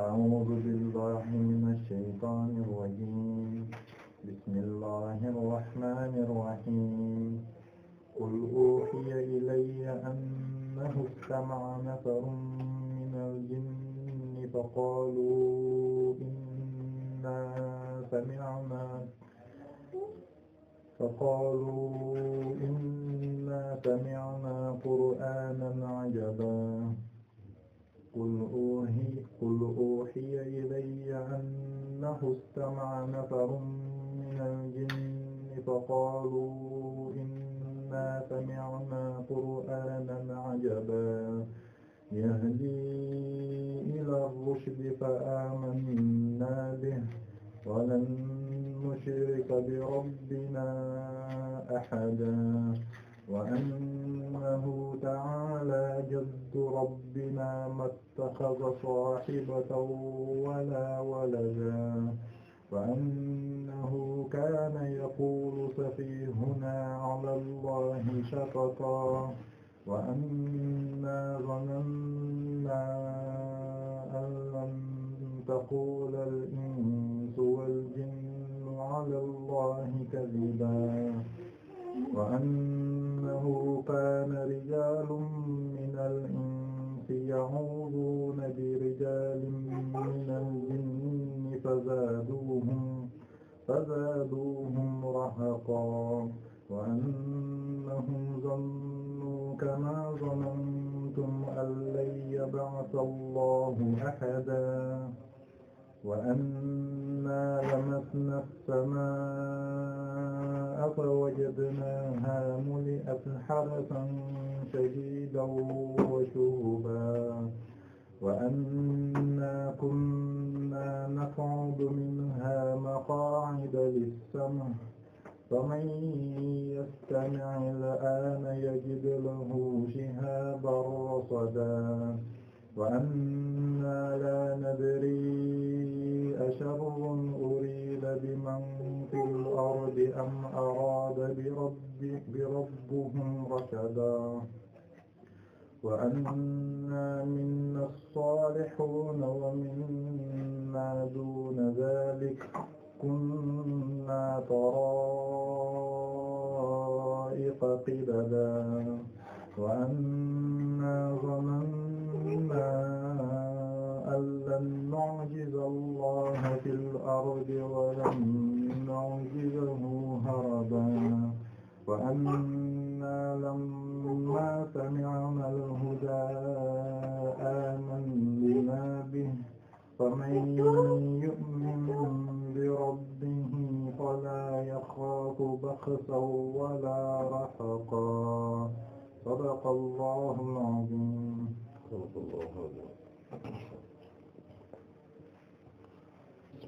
أعوذ بالله من الشيطان الرجيم بسم الله الرحمن الرحيم قل أوحي إلي أنه استمع نفر من الجن فقالوا إنا سمعنا فقالوا إنا سمعنا قرآنا عجبا قل أوحي قل أوحي إلي أنه استمع نفر من الجن فقالوا إنا سمعنا قرآنا عجبا يهدي إلى الرشد فآمنا به ولن نشرك بربنا أحدا وأنه تعالى جد ربنا ما اتخذ صاحبة ولا ولدا وأنه كان يقول سفيهنا على الله شططا وأنا ظننا أن لن تقول الإنس والجن على الله كذبا وأن kaana rijaalun minal insi yahuuduuna bi rijaalin minal jinni fazaaduuhum fazaaduuhum rahaqan wa annahum zannuu kamaa zannantum an lan yab'asa Allaahu ahadan وأنا لمسنا السماء فوجدناها ملئت حرسا شديدا وشهبا وأنا كنا نقعد منها مقاعد للسمع فمن يستمع الآن يجد له شهابا رصدا وأنا لا ندري arada birabbuhum rashada وأنا منا الصالحون ومنا دون ذلك كنا طرائق قددا وأنا ظننا أن لن نعجز الله في الأرض ولن نعجزه عجبا وأنا لما سمعنا الهدى آمنا به فمن يؤمن بربه فلا يخاف بخسا ولا رهقا صدق الله العظيم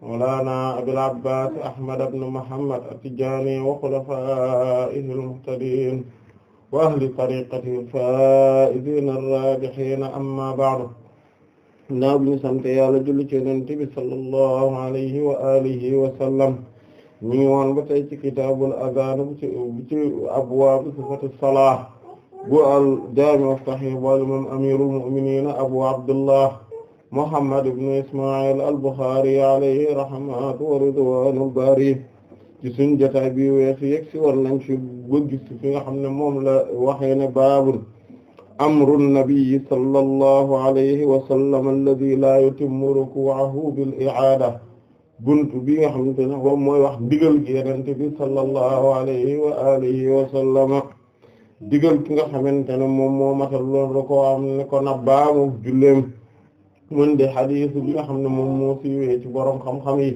mawlaana abil abbaas ahmad ibn muhammad at-tijaani wa xulafaa'ihi al-muhtadiin wa ahli tariiqatihi al-faa'iziina ar-raabihiina ammaa ba'du naa bu ñu sant Yàlla julli ci Yonent bi sallallahu alayhi wa aalihi wa sallam ñu ngi woon ba tey ci kitaabul azaan ci abwaab sifatu salaah bu al-jaami' as-sahiih wal imaam amiirul mu'miniin abu abdullah Muhammad ibn Ismaïl al-Bukhari alayhi rahmatu wa ridwanul bari ci suñu jotaay bi weesu yegg si war nañ ci bëgg ci fi nga xam ne moom la waxee ne baabul amru nabii sallallahu alayhi wa sallam alladhi la yutimmu ruku'ahu bil i'aada buntu bi nga xamante ne moom mooy wax digal gi yenente bi sallallahu alayhi wa alihi wa sallama digal ki nga xamante ne moom moo matal loolu da ko am ne ko na baamu julleem mun de xadiis bi nga xam ne moom moo siiwee ci borom xam-xam yi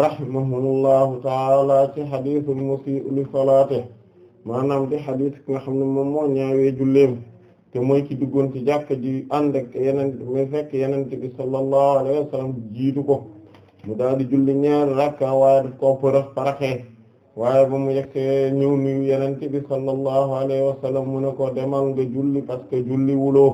rahimahumullahu taala ci xadiisul musii li salaate maanaam de xadiis ki nga xam ne moom moo ñaawee julleem te mooy ki duggoon ci jàkka ji ànd ak yeneen muy fekk yeneen bi sallallahu alayhi wa jiitu ko mu daal di julli ñaari rakka waaye daf koo përëx paraxee waaye ba mu yekke ñëw nuyu yeneen bi sallallahu alayhi wa mu ne ko demal nga julli parce que julli wuloo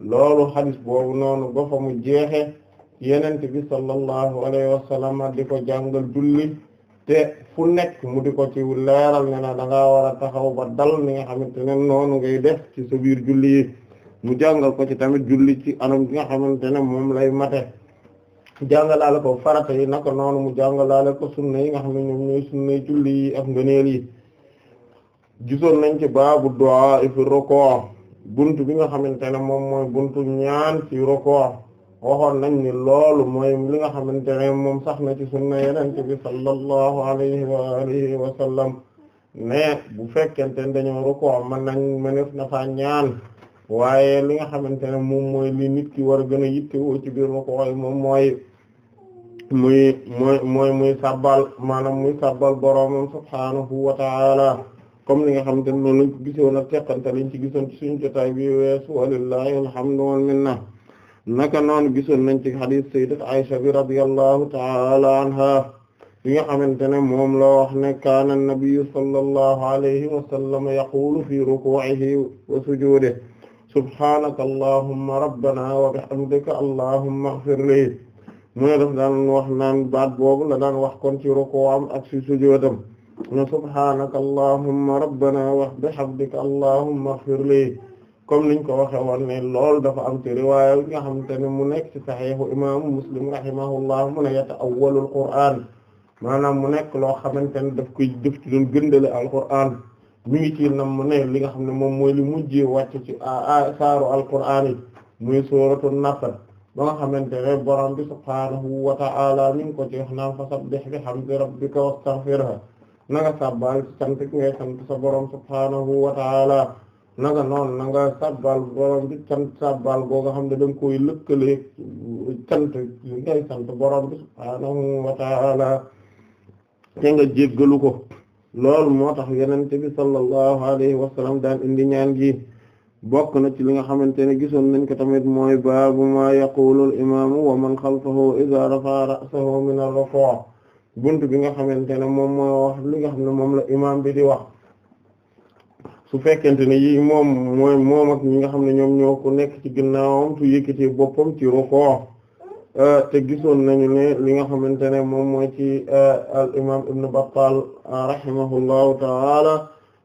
loolu xadis boobu noonu ba fa mu jeexe yenente bi sallallahu alayhi wa sallam di ko jàngal julli te fu nekk mu di ko ci leeral ne na danga war a taxaw ba dal ni nga xamante ne noonu ngay def ci sa biir julli yi mu jàngal ko ci tamit julli ci anam gi nga xamante ne moom lay mate jàngalaale ko farata yi naka noonu mu jàngalaale ko sunna yi nga xam ne ñoom ñooy sunna julli yi ak ngëneel yi gisoon nañ ci baabu du'a fi ruku' buntu bi nga xamante ne moom mooy buntu ñaan ci rukuu waxoon nañ ni loolu mooy li nga xamante ne moom sax na ci sunna yonent bi sallallahu alayhi wa alihi wa sallam ne bu fekkente ne dañoo rukuu mën nañ mëneef na fa ñaan waaye li nga xamante ne moom mooy li nit ki war a gën a yittewoo ci biir rukuu moom mooy muy mooy mooy muy sabbal maanaam muy sabbal boroomam subhaanahu wa ta'ala comme li nga xamante ne noonu lañ ko gisoon ak teqante liñ ci gisoon ci suñu jotaay bi weesu walillahi alhamdu wal minna naka noonu gisoon nañ ci hadith sayyidat Aisha bi radiyallahu ta'ala anha li nga xamante ne moom la wax ne kaana an-nabiyyu sallallahu alayhi wa sallam yaqulu fi ruku'ihi wa sujuudihi subhaanaka allahumma rabbana wa bihamdika allahumma ighfir li mu wax naan baat boobu la daan wax kon ci ak ci sujuudam na subhaanaka allahumma rabbana xam bihamdika allahumma ighfir li comme niñ ko waxe woon ne lool dafa am ci riwaaya yi nga xamante ne mu nekk ci saxiixu imaamu muslim rahimahullah mu ne yata'awwalul qur'aan maanaam mu nekk loo xamante ne daf koy def ci doon gëndale alqur'aan mi ngi ci nam mu ne li nga xam ne moom mooy li mujjee wàcc ci a saaru alqur'aan yi muy suuratu Nasr ba nga xamante ne borom bi subhaanahu wa ta'ala mi ngi ko ci wax naan fasabbih bihamdi rabbika wastaghfirha na nga sabbal sant ki ngay sant sa borom subhaanahu wa taala nanga noonu na nga sabbal borom bi sant sabbal boo nga xam ne danga koy lëkkale sant li ngay sant borom bi subhaanahu wa taala te nga jéggalu ko loolu moo tax yenente bi sallallahu alayhi wa sallam daan indi ñaan gi bokk na ci li nga xamante ne gisoon nañ ko tamit mooy baabu ma yaqulu al wa man xalfahu idaa rafa'a ra'sahu min ar-ruku' bunt bi nga xamante ne moom moo wax li nga xam ne moom la imaam bi di wax su fekkente ne yi moom mooy moom ak ñi nga xam ne ñoom ñoo ko nekk ci ginnaawam su yëkkatee boppam ci rukoo eh, te gisoon nañu ne li nga xamante ne moom mooy ci eh, al imaam Ibn Battal eh, rahimahullahu taala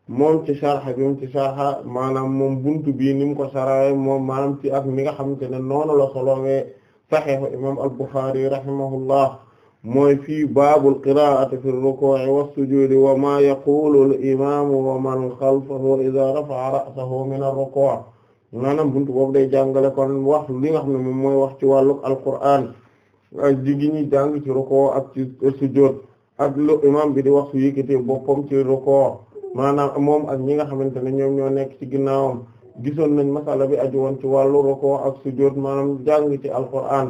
moom ci sarxa bi ci sarxa maanaam moom bunt bi ni ko sarawe moom ci ak mi nga xamante ne noonu la solowee saxiixu imaam al Buxaari rahimahullah mooy fii baabul qiraa'ati fi rukuu'i wa sujuudi wa maa yaquulul imaamu wa man xalfahu idaa rafa'a ra'sahu mina rukuu'i maanaam buntu boobu day jàngale kon wax li nga xam ne moom mooy wax ci al Alqur'aan ak jigéen ñi jàng ci ruku ak ci sujuud ak lu imaam bi di wax su yëkkatee boppam ci ruku maanaam moom ak ñi nga xamante ne ñoom ñoo nekk ci ginnaawam gisoon nañ masala bi aju woon ci wàllu ak sujuud maanaam jàng ci Alqur'aan.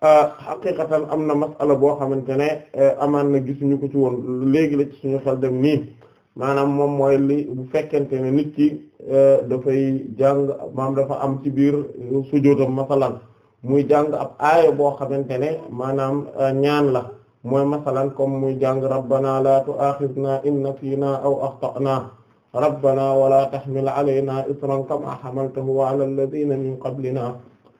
Euh, xaqiqatan am na masala boo xamante ne euh, amaan na gisuñu ko ci woon léegi la ci suñu xel dem nii maanaam moom mooy li bu fekkente ne nit ki euh, dafay jàng maam dafa am ci biir sujjóotam masalan muy jàng ab aaya boo xamante ne maanaam ñaan la mooy masalan comme muy jàng rabbana la tu'akhidna in nasina aw akhta'na rabbana wala tahmil alayna isran kama hamaltahu ala alladhina min qablina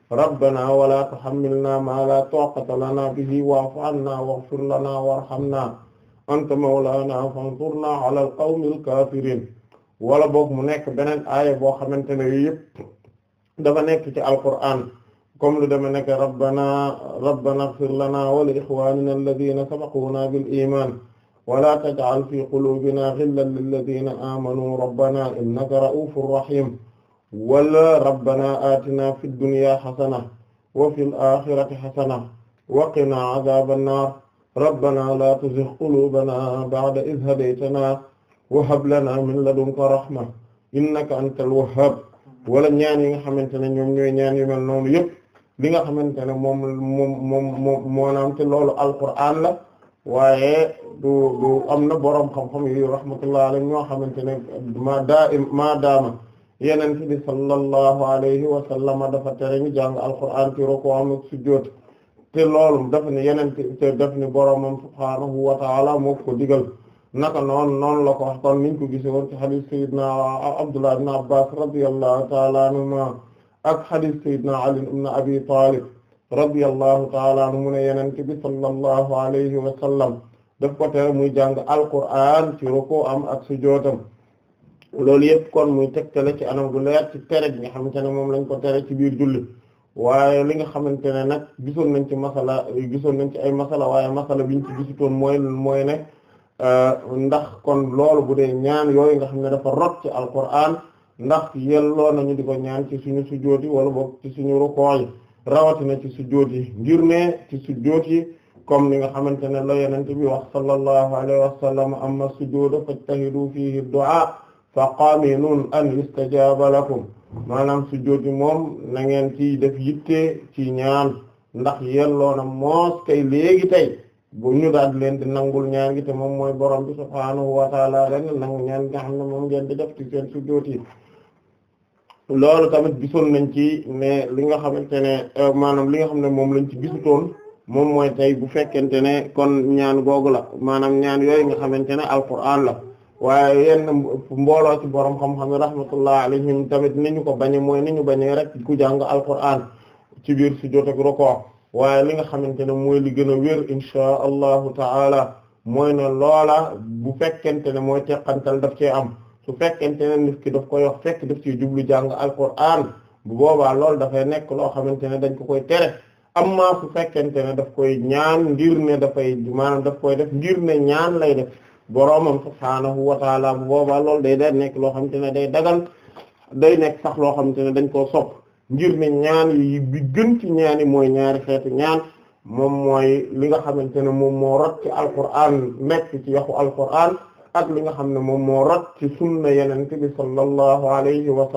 rabbana wala tuhammilna ma la taqata lana bihi wa'fu anna waghfir lana warhamna anta mawlana fansurna ala alqawmil kafirin wala boog mu nekk beneen aaya boo xamante ne yooyu yëpp dafa nekk ci alqur'an comme lu dama nekk rabbana rabbana ighfir lana wa li ikhwanina alladhina sabaquna bil iman wala taj'al fi qulubina ghillan lil ladhina amanu rabbana innaka ra'ufur rahim wala rabbana atina fid dunya xasana wa fil axirati xasana wa qina azaaban naar rabbana laa tuzigh quluubana ba'da idh hadaytana wa hab lana min ladunka rahma innaka antal wahhab wala ñaan yi nga xamante ne ñoom ñooy ñaan yu mel noonu yëpp li nga xamante ne moom moom moom moom moonaam te loolu alquraan la waaye du du am na boroom xam-xam yu rahmatullah alayhi ñoo xamante ne ma daa ma daama yenente bi sallallahu alayhi wa sallam dafa tere ñu jàng alquran ci ruku am ak sujjóot te loolu daf ne yenente te daf ni boroomam subhaanahu wa ta'ala moo ko digal naka noonu noonu la ko wax kon niñ ko gise woon ci xadis sayidna abdullah ibn abbas radiallahu taala anhuma ak xadis sayidna ali ibn abi talib radiallahu taala anhu mu ne yenente bi sallallahu alayhi wa sallam daf ko tere muy jàng alquran ci ruku am ak sujjóotam loolu yëpp kon muy tegtale ci anam gu leer ci tere bi nga xamante ne moom lañ ko tere ci biir julli waaye li nga xamante ne nag gisoon nañ ci masala gisoon nañ ci ay masala waaye masala biñ ci gisutoon mooy mooy ne euh, ndax kon loolu bu dee ñaan yooyu nga xam ne dafa rot ci alquran ndax yelloo nañu di ko ñaan ci suñu sujjóot yi wala boog ci suñu rukoo yi rawatina ci sujjóot yi ngir ne ci sujjóot yi comme ni nga xamante ne la yonent bi wax sallallahu alayhi wa sallam amma sujjóodu fajtahidu fihi du'a fa qaaminun an yustajaaba lakum maanaam sujjóot bi moom na ngeen ci def yitte ci ñaan ndax yelloo na moos kay léegi tey bu ñu daal di leen di nangul ñaan gi te moom mooy borom bi subhaanahu wa taala ren nangu ñaan nga xam moom ngeen di def ti seen sujjóot loolu tamit gisoon nañ ci ne li nga xamante ne euh, maanaam li nga xam ne moom lañ ci gisutoon moom mooy tey bu fekkente ne kon ñaan googu la maanaam ñaan yooyu nga xamante ne alquran la waaye yenn mbooloo ci borom xam-xam rahmatullah alayhim tamit ni ñu ko bañe mooy ni ñu bañee rek ku jàng al alquran ci biir sujjóot ak rukuu waaye li nga xamante ne mooy li gën a wér inchaa allahu taala mooy ne loola bu fekkente ne mooy teqantal daf cee am su fekkente ne nit daf koy wax fekk daf ciy jublu jàng alquran bu boobaa loolu dafay nekk loo xamante ne dañ ko koy tere amma su fekkente ne daf koy ñaan ngir ne dafay maanaam daf koy def ngir ne ñaan lay def boroomam subhaanahu wa taala bu boobaa loolu day day nekk loo xamante ne day dagal day nekk sax loo xamante ne dañ ko sopp njir ne ñaan yi bi gën ci ñaani mooy ñaari xeetu ñaan moom mooy li nga xamante ne moom moo ci alquran nekk ci ak li nga xam ne moom moo rot ci sunna yenente bi sallallahu alayhi wa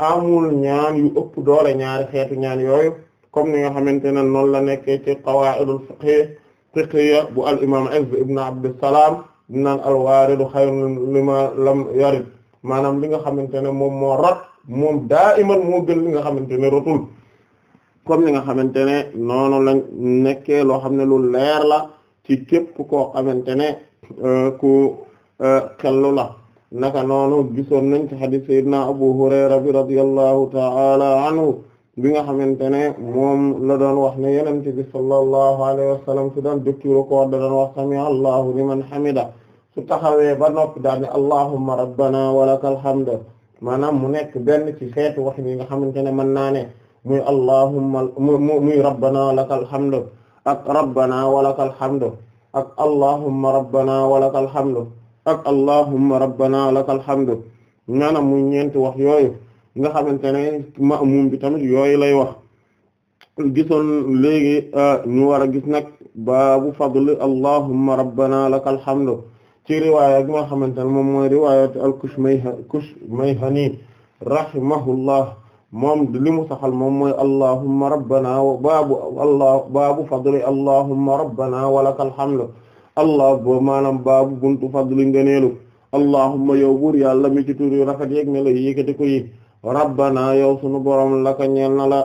amul ñaan yu ëpp doole ñaari xeetu ñaan yooyu comme ni nga xamante ne noonu la nekkee ci qawaidul fiqh fiqhiyya bu al imam Izz ibn Abdussalam naan alwaaridu xayrun lima lam yarid maanaam li nga xamante ne moom moo rot moom daa moo gën li nga xamante ne rotul comme li nga xamante ne noonu lañ nekkee loo xam ne lu leer la ci képp koo xamante ne euh, ku euh, xellu la naka noonu gisoon nañ ci hadith sayyidina Abu Hurayra bi radiyallahu ta'ala anhu bi nga xamante ne moom la doon wax ne yonent bi sallallahu alayhi wa sallam su doon jokki ruku da wax sami'a Allahu liman hamida su taxawee ba noppi daal ne allahumma rabbana walakal hamdu maanaam mu nekk benn ci xeetu wax yi nga xamante ne mën naa ne muy allahumma muy rabbana lakal hamdu ak rabbana walakal hamdu ak allahumma rabbana walakal hamdu ak allahumma rabbana lakal hamdu maanaam muy ñeenti wax yooyu nga xamante ne ma'muum bi tamit yooyu lay wax gisoon léegi ah, ñu war a gis nag baabu fadl allahumma rabbana lakal hamdu ci riwaaya bi nga xamante ne moom mooy riwaayat al-Kushmayhani Kushmayhani rahimahullah moom li mu saxal moom mooy allahumma rabbana wa baabu allah baabu fadli allahumma rabbana wa lakal hamdu allah bo maanaam baabu buntu fadli ngëneelu allahumma yow buur yàlla mi ci tur yu rafet yeeg ne la yékkati ko yi rabbana yow sunu borom laka ñeel na la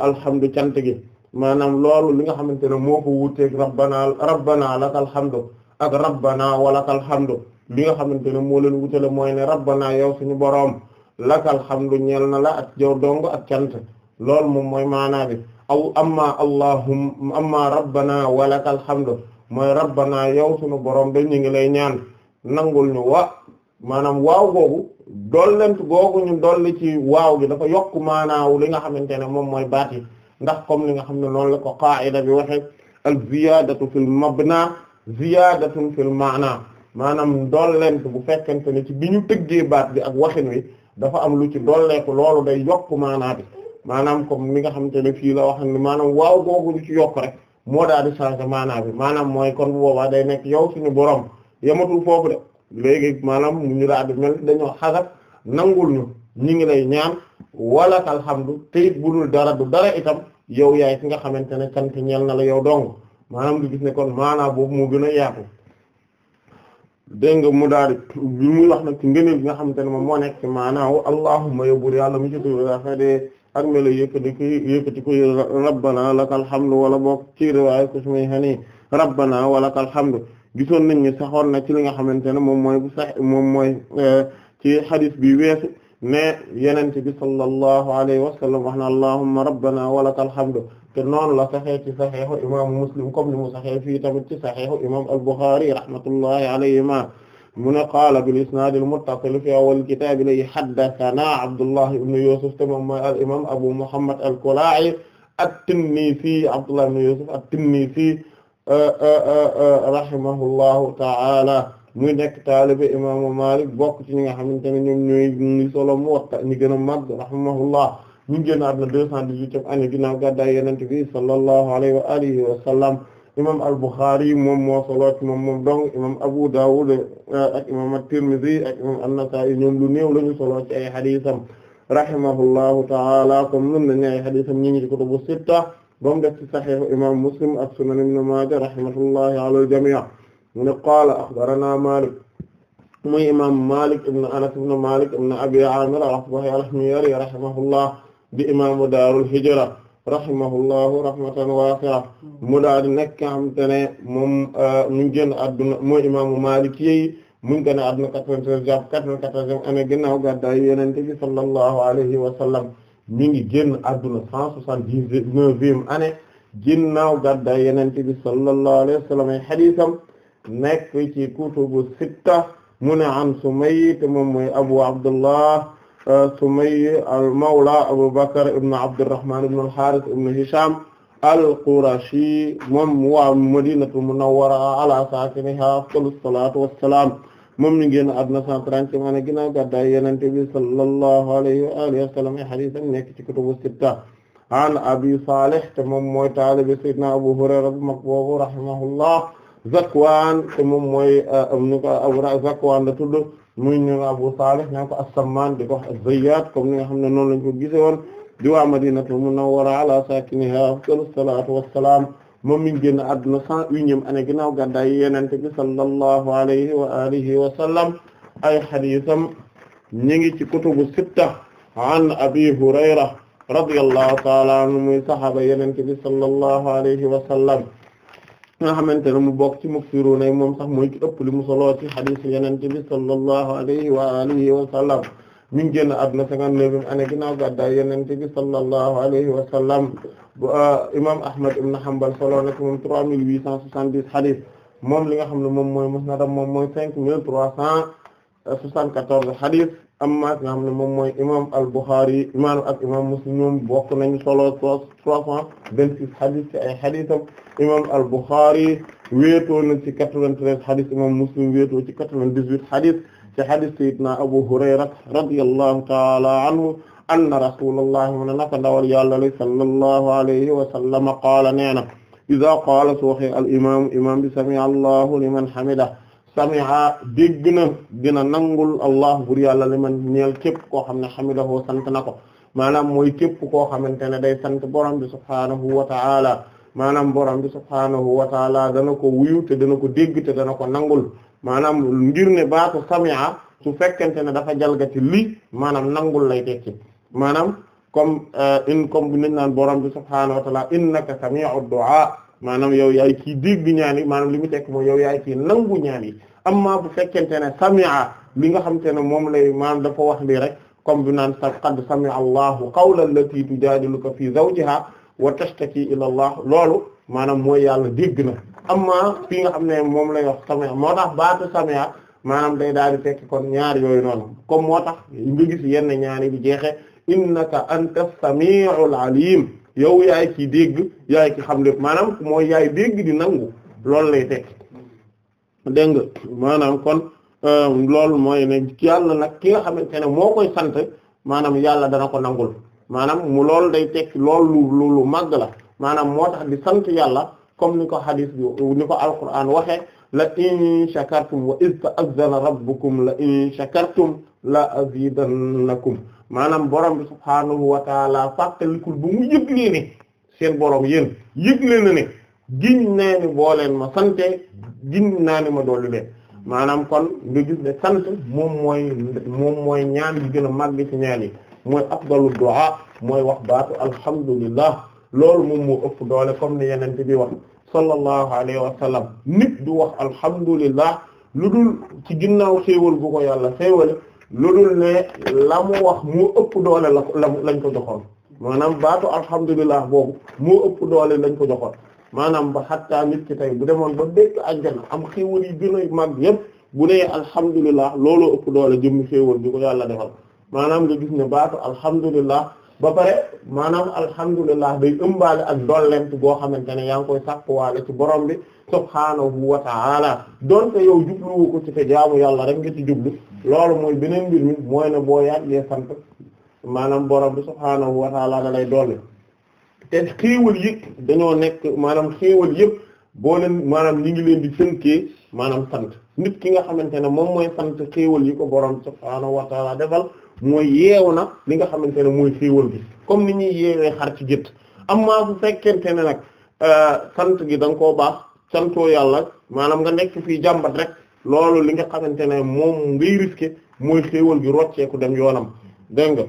alhamdu cant gi maanaam loolu li nga xamante ne moo ko wuuteeg rabbana rabbana lakal hamdu ak rabbana wala hamdu bi nga xamante ne moo leen wutale mooy ne rabbana yow suñu boroom lakal hamdu ñeel na la ak jow dong ak cant loolu moom mooy maanaa bi aw amma allahum amma rabbana walakal hamdu mooy rabbana yow suñu boroom da ñu ngi lay ñaan nangul wa maanaam waaw googu dollent googu ñu ci waaw gi dafa yokk maanaaw li nga xamante ne moom mooy baat yi ndax comme li nga xam ne noonu la ko qaa'ida bi waxe al fil mabna ziyaadatun fil maana maanaam dollent bu fekkente ne ci bi ñu tëggee baat bi ak waxin wi dafa am lu ci dolleeku loolu day yokk maanaa bi maanaam comme mi nga xamante ne fii la wax ne maanaam waaw googu lu rek moo daal di changer maanaa bi maanaam mooy kon bu boobaa day nekk yow suñu borom yematul foofu de léegi maanaam mu ñu daal di mel dañoo xasab nangul ñu ñu ngi lay ñaan walakal hamdu te it dara du dara itam yow yaay ki nga xamante ne cant ñeel na la yow dong maanaam nga gis ne kon maanaa boobu moo gën a yaatu dégg nga mu daal bi muy wax nag ci ngëneel bi nga xamante ne moom moo nekk ci maanaawu allahumma yóbbur yàlla mu ci tuddee ak melo yëkkati ko yëkkati ko rabbana lakal hamdu wala boog ci riwaaya ko sumay xanii rabbana wa lakal hamdu gisoon nañ ni saxoon na ci li nga xamante ne moom mooy bu sax moom mooy eh, ci hadith bi weesu ne yenente bi sallallahu alayhi wa sallam wax na allahumma rabbana wa lakal hamdu te noonu la saxee ci saxiixu imaamu muslim comme ni mu saxee fii tamit ci saxiixu imaam al-Bukhari rahmatullahi alayhima mu ne qaala bil isnaadil muttasil fi awwal kitaab li haddathanaa Abdullah ibn Yusuf te moom mooy al imaam Abu Muhammad al-Kalaa'i at-Tinnisi Abdullah ibn Yusuf at-Tinnisi rahimahullahu ta'ala muy nekk taalibe imaamu Maalik bokk ci ñi nga xamante ne ñoom ñooy ñi solo Muwatta ñi gën a màgg rahimahullah ñu ngi génn àdduna deux cent dix-huitième année ginnaaw gàddaay Yonent bi sallallahu alayhi wa alihi wa sallam al-Bukhari moom moo solo ci moom moom dong imam Abu Dawud ak imam at-Tirmidhi ak imam an-Nasa'i lu néew la ñu solo ci ay xadisam rahimahullahu ta'ala comme nun nañu ay xadisam ñi ngi ci kutubu sitta ba mu def ci Sahih imam Muslim ak Sunan Ibn Maaja rahmatullahi mu ne qaala axbarana Malik muy imam Malik ibn Anas ibn Malik ibn Abi Amir al-Asbahi al-Himyari rahimahullah di imaamu daarul hijra rahimahullahu rahmatan waasi'a mu daal di nekk nga xamante ne moom euh, mu ngi génn adduna mooy imaamu Malik yi mu ngi génn adduna quatre-vingt-treize jàpp quatre-vingt-quatorzième année ginnaaw gàddaay Yonent bi sallallahu alayhi wa sallam mi ngi génn adduna cent soixante-dix-neuvième année ginnaaw gàddaay Yonent bi sallallahu alayhi wa sallam ay hadiisam nekk ci kutubu sitta mu ne an Sumayy te moom mooy Abu Abdullah euh, Sumayy al-mawla Abu Bakr ibn Abdurrahman ibn al-Harith ibn Hisham al-Qurashi moom waa Madinatu Munawwara ala saakinihaa afdalu salaatu wa salaam moom ñu génn àdduna 130 ma ne ginnaaw gàddaay Yonent bi sallallahu alayhi wa alihi wa sallam ay hadiis am nekk ci kutubu sitta an Abi Salih te moom mooy taalibe Sayyidina Abu Hurayra bu mag boobu rahimahullah Zakwaan moom mooy ñu euh, ko euh, Abu Zakwaan la tudd muy ñu Abu Salih ñaan ko as di ko wax az-Zayyaat comme ni nga xam ne noonu lañ ko gisee woon di waa Madinatul Munawwara ala saakinihaa afdalu salaatu wassalaam moom mi ngi génn àdduna cent unième année ginnaaw gàddaay Yonent bi sallallahu alayhi wa alihi wa sallam ay hadiisam ñi ngi ci kutubu sitta an Abi Hurayra radiyallahu ta'ala anhu muy sahaaba Yonent bi sallallahu alayhi wa sallam nga xamante ne mu bokk ci muksiru na moom sax mooy ci ëpp li mu solo ci xadiis Yonent bi sallallahu alayhi wa alihi wa sallam mi ngi génn àdduna 59 année ginnaaw gàddaay Yonent bi sallallahu alayhi wa sallam euh, imaam Ahmad ibn Hanbal solo na ci moom 3870 xadiis moom li nga xam ne moom mooy musnadam moom mooy 5374 xadiis amma nga xam ne moom mooy imam al-Bukhari imam ak imam Muslim ñoom bokk nañu solo trois trois cent vingt-six xadis ci ay xadisam imam al-Bukhari wéetoo na ci quatre-vingt-treize xadis imam Muslim wéetoo ci quatre-vingt-dix-huit xadis ci xadis sayyidina Abu Hurayra radiyallahu ta'ala anhu anna rasulullah mu ne naka ndawal yàlla la sallallahu alayhi wa sallama qaala nee na iza qaala su waxee al imam imam bi sami'a Allahu liman hamidah samiha dégg na dina nangul allah bur yàlla li man ñeel képp koo xam ne xamidahu sant na ko maanaam mooy képp koo xamante ne day sant borom bi subhaanahu wa ta'ala maanaam borom bi subhaanahu wa ta'ala dana ko wuyu te dana ko dégg te dana ko nangul maanaam ngir ne baatu samiha su fekkente ne dafa jalgati li maanaam nangul lay tekki maanaam comme in euh, comme bu ñu naan borom bi subhaanahu wa ta'ala innaka sami'ud du'a maanaam yow yaay kii dégg ñaan yi maanaam li mu tekk mooy yow yaay kii nangu ñaan yi amma bu fekkente ne sami'a li nga xamante ne moom lay maanaam dafa wax lii rek comme bi naan qad sami'a allahu qawla allati tujadiluka fi zawjiha wa tashtaki ila allah loolu maanaam mooy yàlla dégg na amma fii nga xam ne moom lay wax sami'a moo tax baatu sami'a maanaam day daal di tekki kon ñaar yooyu noonu comme moo tax nga gis yenn ñaari bi jeexe innaka anta sami'ul alim yow yaay ki dégg yaay ki xam lépp maanaam mooy yaay dégg di nangu loolu lay teg dégg nga maanaam kon euh, loolu mooy ne yàlla nag ki nga xamante ne moo koy sant maanaam yàlla dana ko nangul maanaam mu loolu day tekki lool lu lu màgg la maanaam moo tax di sant yàlla comme ni ko hadith ni ko alquran waxee la in shakartum wa iz ta'azzana rabbukum la in shakartum la azidannakum maanaam borom bi subhaanahu wa taala fàttalikul bu mu yëgle ne seen borom yéen yëgle na ne giñ naa ni boo leen ma sante giñ naa ni ma doolu leen maanaam kon nga gis ne sant moom mooy moom mooy ñaan yi gën a màgg ci ñaan yi mooy afdalu du'a mooy wax baatu alhamdulillah loolu moom moo ëpp doole comme ni yeneen bi wax sallallahu alayhi wa sallam nit du wax alhamdulillah lu dul ci ginnaaw xéewal bu ko yàlla xéewale lu dul ne la mu wax moo ëpp doole la la lañ ko joxoon maanaam baatu alhamdulillah boobu mu ëpp doole lañ ko joxoon maanaam ba xattaa nit ci tey bu demoon ba békk àjjana am xéewal yi gën a mag yépp bu nee alhamdulillah looloo ëpp doole jëmmi xéewal bi ko yàlla defal maanaam nga gis ne baatu alhamdulillah ba pare maanaam alhamdulilah day ëmbaale ak dollent goo xamante ne yaa ngi koy sàkkuwaale ci borom bi subhaanahu wa ta'ala donte yow jubluwu ko ci te jaamu yàlla rek nga ci jublu loolu mooy beneen mbir mi mooy ne boo yàggee sant maanaam borom bi subhaanahu wa ta'ala dool lay te xéewal yëpp dañoo nekk maanaam xéewal yëpp boo leen maanaam ñi ngi leen di tënkee maanaam sant nit ki nga xamante ne moom mooy sant xéewal yi ko borom bi subhaanahu defal mooy yeew na li nga xamante ne mooy xéewal gi comme ni ñuy yeewee xar ci gétt amaa bu fekkente ne nag euh, sant gi da nga koo baax santoo yàlla maanaam nga nekk fii jàmbat rek loolu li nga xamante ne moom ngay risqué mooy xéewal gi rocceeku dem yoonam dégg nga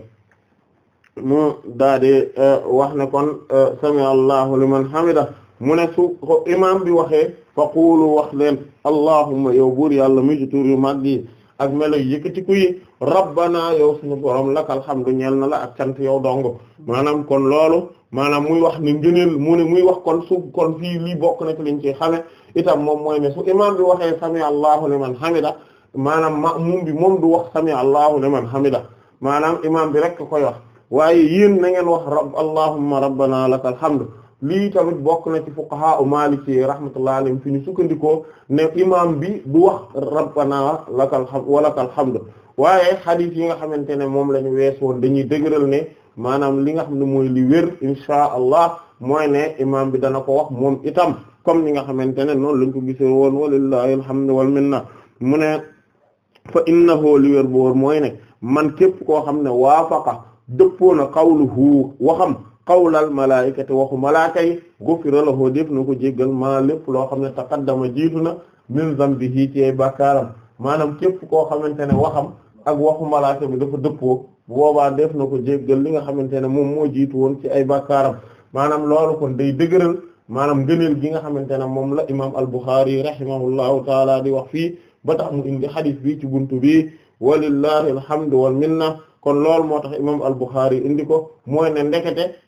mu daa di euh, wax ne kon euh, sami allahu liman hamida mu ne su ko imam bi waxee fa quulu wax leen allahumma yow buur yàlla mi ci tur yu mag yi ak melo yëkkatiku yi rabbana yow suñu borom lakal hamdu ñeel na la ak cant yow dong maanaam kon loolu maanaam muy wax ni ngëneel mu ne muy wax kon su kon fii lii bokk na ci liñ ci xame itam moom mooy ne su imaam bi waxee sami allahu liman hamida maanaam ma'muum bi mom du wax sami allahu liman hamida maanaam imaam bi rek koy wax waaye yéen na ngeen wax rabb allahumma rabbana lakal hamdu lii tamit bokk na ci fuqaha u ci rahmatullahi alayhim fi ñu sukkandikoo ne imam bi du wax rabbana lakal ham walakal waaye xadis yi nga xamante ne moom la ñu wees woon dañuy dëgëral ne maanaam li nga xam ne mooy li wér inshaa allah mooy ne imam bi dana ko wax moom itam comme ni nga xamante ne noonu lañ ko gisee woon walillahi alhamdu wal minna mu ne fa innahu li wér boor mooy ne man képp koo xam ne waafaqa dëppoo na qawluhu waxam qawlal malaayikati waxu malaaka yi gufira lahu def na ko jéggal maa lépp loo xam ne taqaddama jiitu na min zambihi ci ay bàkkaaram maanaam képp koo xamante ne waxam ak waxu malaaka bi dafa dëppoo boobaa def na ko jéggal li nga xamante ne moom moo jiitu woon ci ay bakaaram maanaam loolu kon day dëgëral maanaam ngëneel gi nga xamante ne moom la imaam al-Bukhari rahimahullahu taala di wax fii ba tax mu indi xadis bi ci buntu bi walillahi alhamdu wal minna kon loolu moo tax imaam al-Bukhari indi ko mooy ne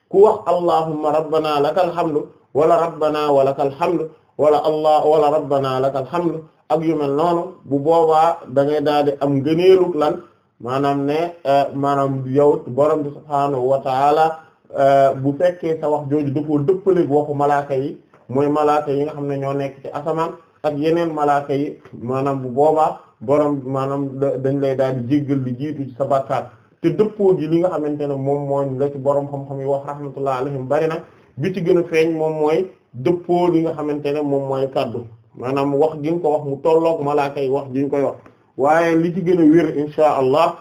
ku wax allahumma rabbana lakal hamdu wala rabbana wa lakal hamdu wala allah wala rabbana lakal hamdu ak yu mel noonu bu boobaa da ngay daal di am gëneelug lan maanaam ne eh, maanaam yow borom bi subhaanahu wa taala eh, bu fekkee ta wax jooju dafoo dëppaleeg waxu malaaka yi mooy malaaka yi nga xam ne ñoo nekk ci asamaan ak yeneen malaaka yi maanaam bu boobaa borom maanaam dañ lay daal di jéggal di jiitu ci sa bàkkaar te dëppoo gi li nga xamante ne moom mooñ la ci borom xam-xam yi wax rahmatullah alayhim bari na bi ci gën a feeñ moom mooy dëppoo li nga xamante ne moom mooy kaddu maanaam wax gi nga ko wax mu tolloog malaaka yi wax gi koy wax waaye li ci gën a wér insha allah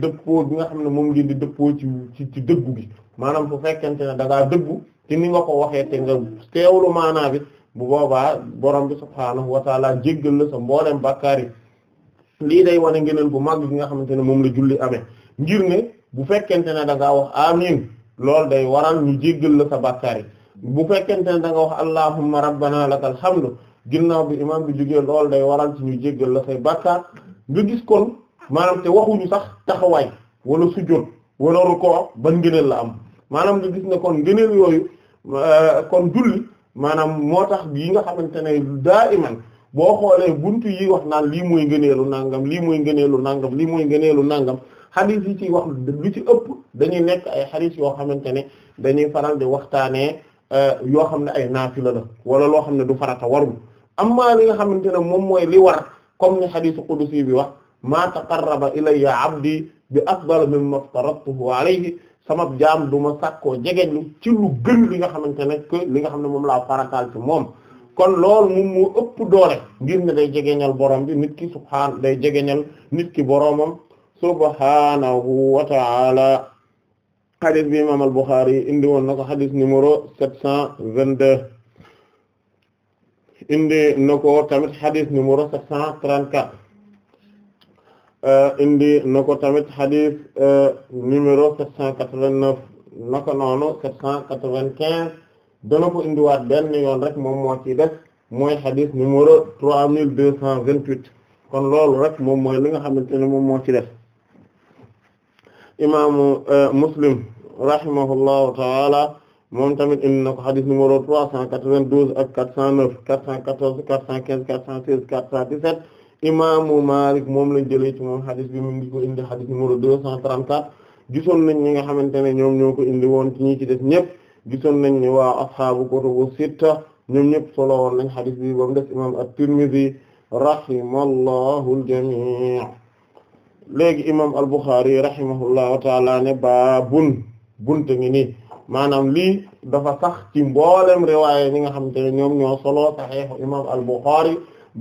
dëppoo bi nga xam ne moom ngeen di dëppoo ci ci ci dëggu gi maanaam su fekkente ne da ngaa dëggu ni nga ko waxee te nga teewlu maanaa bu boobaa borom bi subhaanahu wa taala jéggal la sa mboolem bàkkaar lii day wane ngeneen bu mag gi nga xamante ne moom la julli amee ngir ne bu fekkente ne da ngaa wax amin loolu day waral ñu jéggal la sa bàkkaar yi bu fekkente ne da nga wax allahumma rabbana lakal hamdu ginnaaw bi imam bi jógee lool day waral ci ñu jéggal la say bàkkaar nga gis kon maanaam te waxuñu sax taxawaay wala sujjóot wala ruko ban ngëneel la am maanaam nga gis ne kon ngëneel yooyu euh, kon julli maanaam moo tax yi nga xamante ne daa iman boo xoolee buntu yi wax naan lii mooy ngëneelu nangam lii mooy ngëneelu nangam lii mooy ngëneelu nangam xadis yi ci wax lu ci ëpp dañuy nekk ay xadis yoo xamante ne dañuy faral di waxtaanee euh, yoo xam ne ay naafila la wala loo xam ne du farata warul amma li nga xamante ne moom mooy li war comme ni xadisu qudusi bi wax maa taqarraba ilayya abdi bi afdal mimma aftaradtuhu alayhi sama jaam du ma sàkkoo jegeñu ci lu gën li nga xamante ne que li nga xam ne moom laa farataal ci moom kon lool moom moo ëpp doole ngir ne day jegeñal boroom bi nit ki subhaan day jegeñal nit ki boromam subhanahu wa ta'ala hadith bi imam al-Bukhari indi woon na ko hadith numéro 722 indi na tamit hadith numéro 734 indi na ko tamit hadith numéro 789 euh, euh, naka noonu 795 dana ko indiwaat benn yoon rek moom moo ci def mooy hadith numéro 3228 kon loolu rek moom mooy li nga xamante ne moom moo ci def imaamu eh, Muslim rahimahullahu ta'ala moom tamit indi na ko xadis numéro 392 ak 409 414 415 416 417 imaamu Malik moom lañ jëlee ci moom xadis bi mu ngi ko indi xadis numéro 234 gisoon nañ ñi nga xamante ne ñoom ñoo ko indi woon ci ñi ci des ñëpp gisoon nañ ne waa ashaabu kutubu sitta ñoom ñëpp solo woon nañ xadis bi ba mu des imaam at-Tirmidhi rahimallahu al-jami' léegi imam al-Bukhari rahimahullahu taala ne baa bun bunte ngi ni maanaam lii dafa sax ci mboolem riwaaya ñi nga xamante ne ñoom ñoo solo saxiix imam al-Bukhari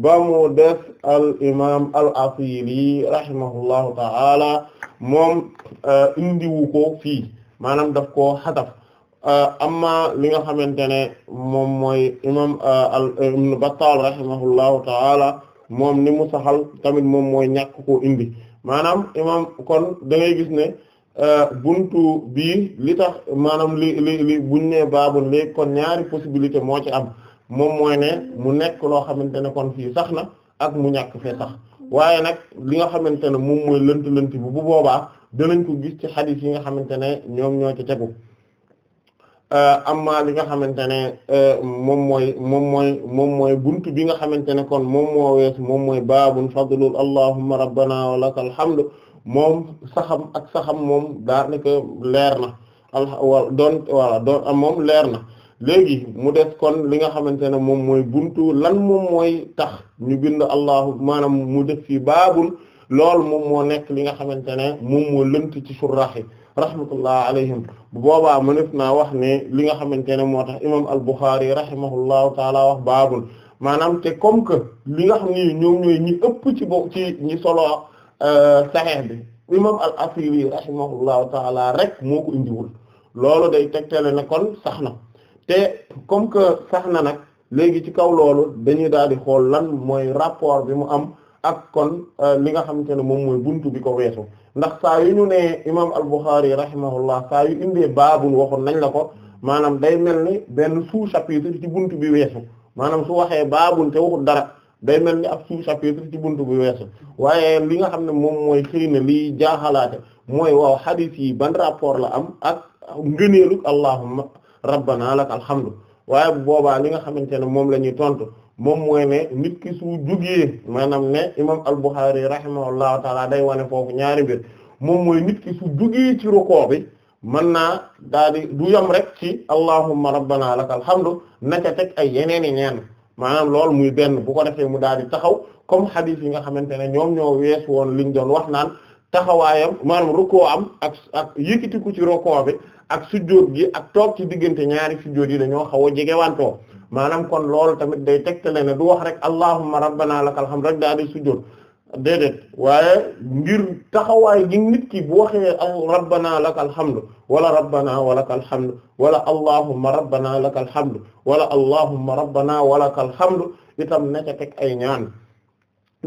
ba mu des al imam al-Asili rahimahullahu taala moom euh, indiwu ko fii maanaam daf ko xataf euh, amma li nga xamante ne moom mooy imam euh, al ibn Battal rahimahullahu taala moom ni mu saxal tamit moom mooy ñàkk ko indi maanaam imam kon da ngay gis ne euh, buntu bii li tax maanaam li li li buñ ne baabul léegi kon ñaari possibilité moo ci am moom mooy ne mu nekk loo xamante ne kon fii sax na ak mu ñàkk fee tax waaye nag li nga xamante ne moom mooy lënt lënt bi bu boobaa danañ ko gis ci xadiis yi nga xamante ne ñoom ñoo ci tegu Euh, amma li nga xamante ne euh, moom mooy moom mooy moom mooy buntu bi nga xamante ne kon moom moo wees moom mooy baabun fadlul allahumma rabbana wa lakal hamdu moom saxam ak saxam moom daanaka leer na alwa doon voilà doon moom leer na léegi mu des kon li nga xamante ne moom mooy buntu lan moom tax ñu bind allahu maanaam mu def fi baabul lool moom moo nekk li nga xamante ne moom moo lënt ci surraxi rahmatullah alayhim bu boobaa mënef naa wax ne li nga xamante ne moo tax imam al-Bukhari rahimahullahu taala wax baabul maanaam te comme que li nga xam ne ñoom ñooy ñi ëpp ci bo ci ñi solo euh, saxeex bi imam al-Asili rahimahullahu taala rek moo ko indiwul loolu day tegtale ne kon sax na te comme que sax na nag léegi ci kaw loolu dañuy daal di xool lan mooy rapport bi mu am ak kon euh, li nga xamante ne moom mooy buntu bi ko weesu ndax saa yu ñu ne imaam al-Bukhari rahimahullah saa yu indee baabul waxoon nañ la ko maanaam day mel ni benn sous-chapitre ci buntu bi weesu maanaam su waxee baabul te waxul dara day mel ni ab sous-chapitre buntu bi weesu waaye li nga xam ne moom mooy xëy li liy jaaxalaate mooy waaw hadith yi ban rapport la am ak ngëneelu allahumma rabbana lakal hamdu waaye boobaa li nga xamante ne moom la ñuy tontu. moom mooy ne nit ki su jugee maanaam ne imam al-Bukhârî rahimahullahu taala day wane foofu ñaari mbir moom mooy nit ki su jugee ci rukoo bi mën naa daal di du yam rek ci allahumma rabbana lakal hamdu naka teg ay yeneeni ñaan maanaam lool muy benn bu ko defee mu daal di taxaw comme hadith yi nga xamante ne ñoom ñoo wees woon liñ doon wax naan taxawaayam maanaam rukoo am ak ak yëkkatiku ci rukoo bi ak sujjóot gi ak toog ci diggante ñaari sujjóot yi dañoo xaw a jegewantoo maanaam kon loolu tamit day tegtale ne du wax rek allahumma rabbana lakal hamd rek daa di sujjóot déedéet waaye ngir taxawaay gi nit ki bu waxee rabbana lakal hamd wala rabbana walakal wala allahumma rabbana lakal hamd wala allahumma rabbana walakal hamd itam na ca teg ay ñaan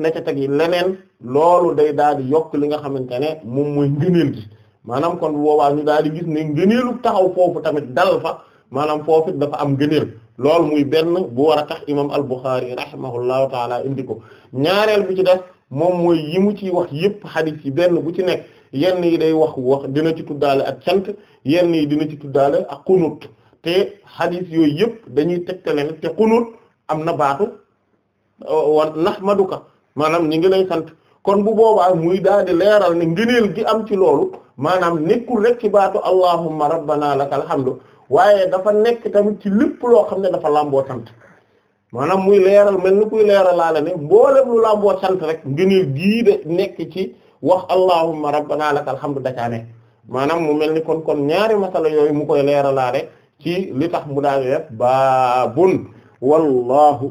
na ca leneen loolu day daal di yokk li nga xamante ne moom muy ngëneel gi maanaam kon boobaa ñu daal ne ngëneelu taxaw foofu tamit dal fa maanaam foofu dafa am gëneel lool muy benn bu war a tax imam al-Bukhari rahimahullahu taala indi ko ñaareel bi ci def moom mooy yi mu ci wax yëpp xadis yi benn bu ci nekk yenn yi day wax wax dina ci tuddaale ak cant yenn yi dina ci tuddaale ak qunut te xadis yooyu yëpp dañuy tegtale ne te qunut am na baatu uh, wan nahmaduka maanaam ñi ngi lay sant kon bu boobaa muy daal di leeral ne ngëneel gi am ci loolu maanaam nekkul rek ci baatu allahumma rabbana lakal hamdu waaye dafa nekk tamit ci lépp loo xam ne dafa làmboo sant maanaam muy leeral mel ni kuy leeralaale ne mboolem lu làmboo sant rek ngëneel gii de nekk ci wax allahumma rabbana lakal hamdu dacaane maanaam mu mel ni kon kon ñaari matala yooyu mu koy leeralaale ci li tax mu daal def baabun wallahu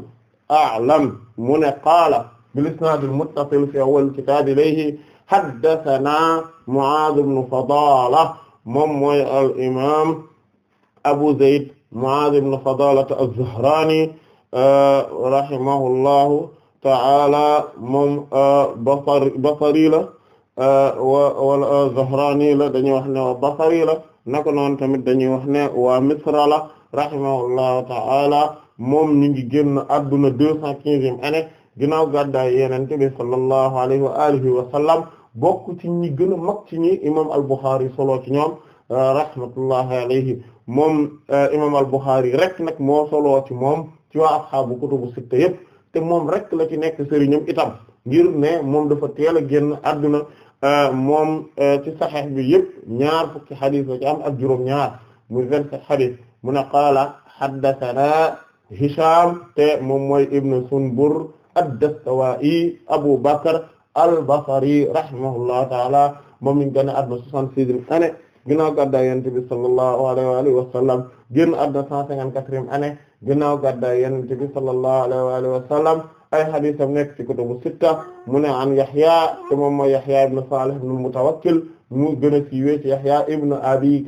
a'lam mu ne qaala bil isnaadil muttasil fi awwal kitaab ilayhi haddathana Mu'aaz ibn Fadaala moom mooy al imaam Abu Zayd Mu'aaz ibn Fadaalah az-Zahraani euh, rahimahullahu ta'ala moom euh, basari basari la euh, wala Zahraani la dañuy wax ne waa basari la naka noonu tamit dañuy wax ne waa Misra la rahimahullahu ta'ala moom ñu ngi génn adduna deux cent quinzième année ginnaaw gàddaay Yonent bi sallallahu alayhi wa alihi wa sallam bokk ci ñi gën a mag ci ñi imam al-Bukhari solo ci ñoom rahmatullahi alayhi moom euh, imam al-Bukhari rek nag moo soloo ci moom ci waa asxaabu kutubu sitta yëpp te moom rek la ci nekk sëriñam itam ngir ne moom dafa teel a génn adduna euh, moom euh, ci saxeex bi yëpp ñaar fukki xadis la am ak juróom mu muy vingt-sept xadis mu ne qaala haddathana Hisham te moom mooy ibnu Sunbur ad-Dastawaa'i Abu Bakr al-Basri rahimahullahu taala moom mi ngi gën a adduna soixante ginnaaw gàddaay yonent bi sallallahu alayhi wa sallam génn àdduna 154e année ginnaaw gàddaay yonent bi sallallahu alayhi wa sallam ay hadiisam nekk ci kutubu sitta mu ne an Yahya te moom mooy Yahya ibn Salih ibn Mutawakkil mu gën a siiwee ci Yahya ibn Abi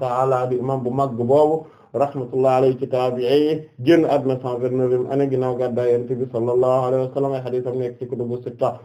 ta'ala di imam bu mag boobu rahmatullahi alayhi ci taabi'i génn àdduna 129e année ginnaaw gàddaay yonent bi sallallahu alayhi wa sallam ay hadiisam nekk ci kutubu sitta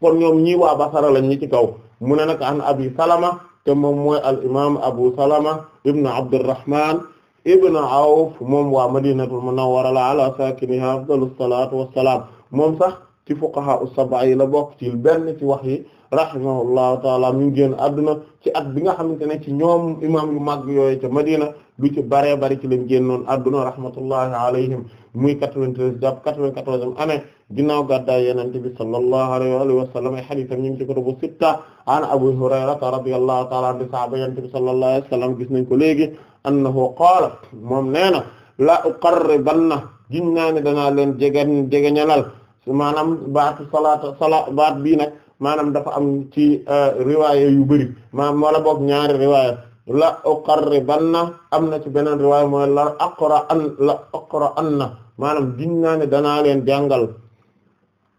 kon ñoom ñi waa Basra lañ ñi ci kaw mu ne nag an abi salama te moom mooy al imam abu salama ibn abdurrahman ibn awf moom waa madinatul munawwara la ala sakiniha afdalus salatu wassalam moom sax ci fuqaha as-sab'a yi la bokk ci benn ci wax yi rahimahullahu taala mi ngi génn àdduna ci at bi nga xamante ne ci ñoom imam yu mag yooyu ca madina lu ci baree bari ci lañ génnoon àdduna rahmatullahi alayhim muy 93 jàpp 94e année ginnaaw gàddaay Yonent bi sallallahu alayhi wa sallam ay hadiisam ñu ngi ci kutubu sitta an Abu Hurayra radiyallahu ta'ala anhu sahaaba Yonent bi sallallahu alayhi wa sallam gis nañ ko léegi annahu qaala moom nee na la uqarribanna giñ naa ne danaa leen jegan jegañalal maanaam baatu salaata sala baat bii nag maanaam dafa am ci euh, riwaaya yu bëri maanaam wala boog ñaari riwaaya la uqarribanna am na ci beneen riwaaya mooy la aqra an la aqra anna maanaam giñ naa ne danaa leen jàngal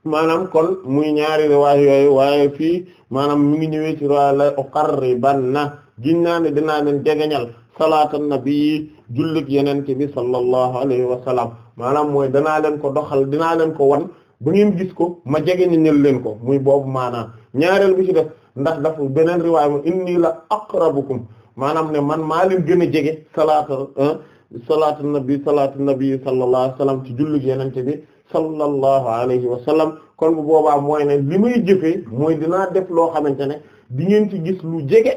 maanaam kon muy ñaari riwaaya yooyu waaye fii maanaam mu ngi ñëwee ci riwaaya la uqarribanna giñ naa ne danaa leen jegeñal salaata nabii jullit yeneen bi sallallahu alayhi wa sallam maanaam mooy danaa leen ko doxal dinaa leen ko wan ba ngeen gis ko ma jegeñal leen ko muy boobu maanaam ñaareel bi ci def ndax dafu beneen riwaaya mo inni la aqrabukum maanaam ne man maa leen gën a jege salaatu ah, salaatu nabi salaatu nabi sallallahu alayhi wa sallam ci jullit yenente bi sallallahu alayhi wa sallam kon bu boobaa mooy ne li may jëfee mooy dinaa def loo xamante ne di ngeen ci gis lu jege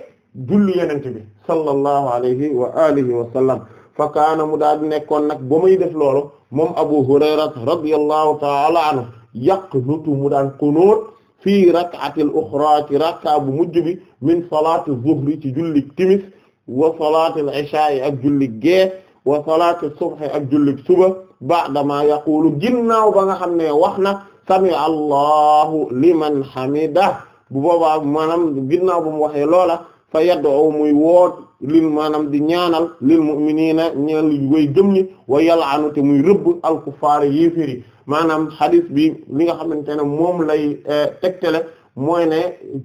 julli yenente bi sallallahu alayhi wa alihi wa sallam fa kaana mu daal di nekkoon nag ba may def loolu moom Abu Hurayra radiyallahu ta'ala anhu yaqnutu mu daan qunut fii rak'atil uxra ci rakka bu mujj bi min salaati zuhri ci julli timis wa salaatil ishaa'i ak julli gee wa salaati subhi ak julli suba ba'da ma yaqulu ginnaaw ba nga xam ne wax na sami allahu liman hamidah bu boobaa maanaam ginnaaw ba mu waxee loola fa yad'u muy woot lil maanaam di ñaanal lil mu'minina ñeel way gëm ñi wa yal'anu te muy rëbb al kuffaar yéeféri maanaam xadis bi li nga xamante ne moom lay eh, tegtale mooy ne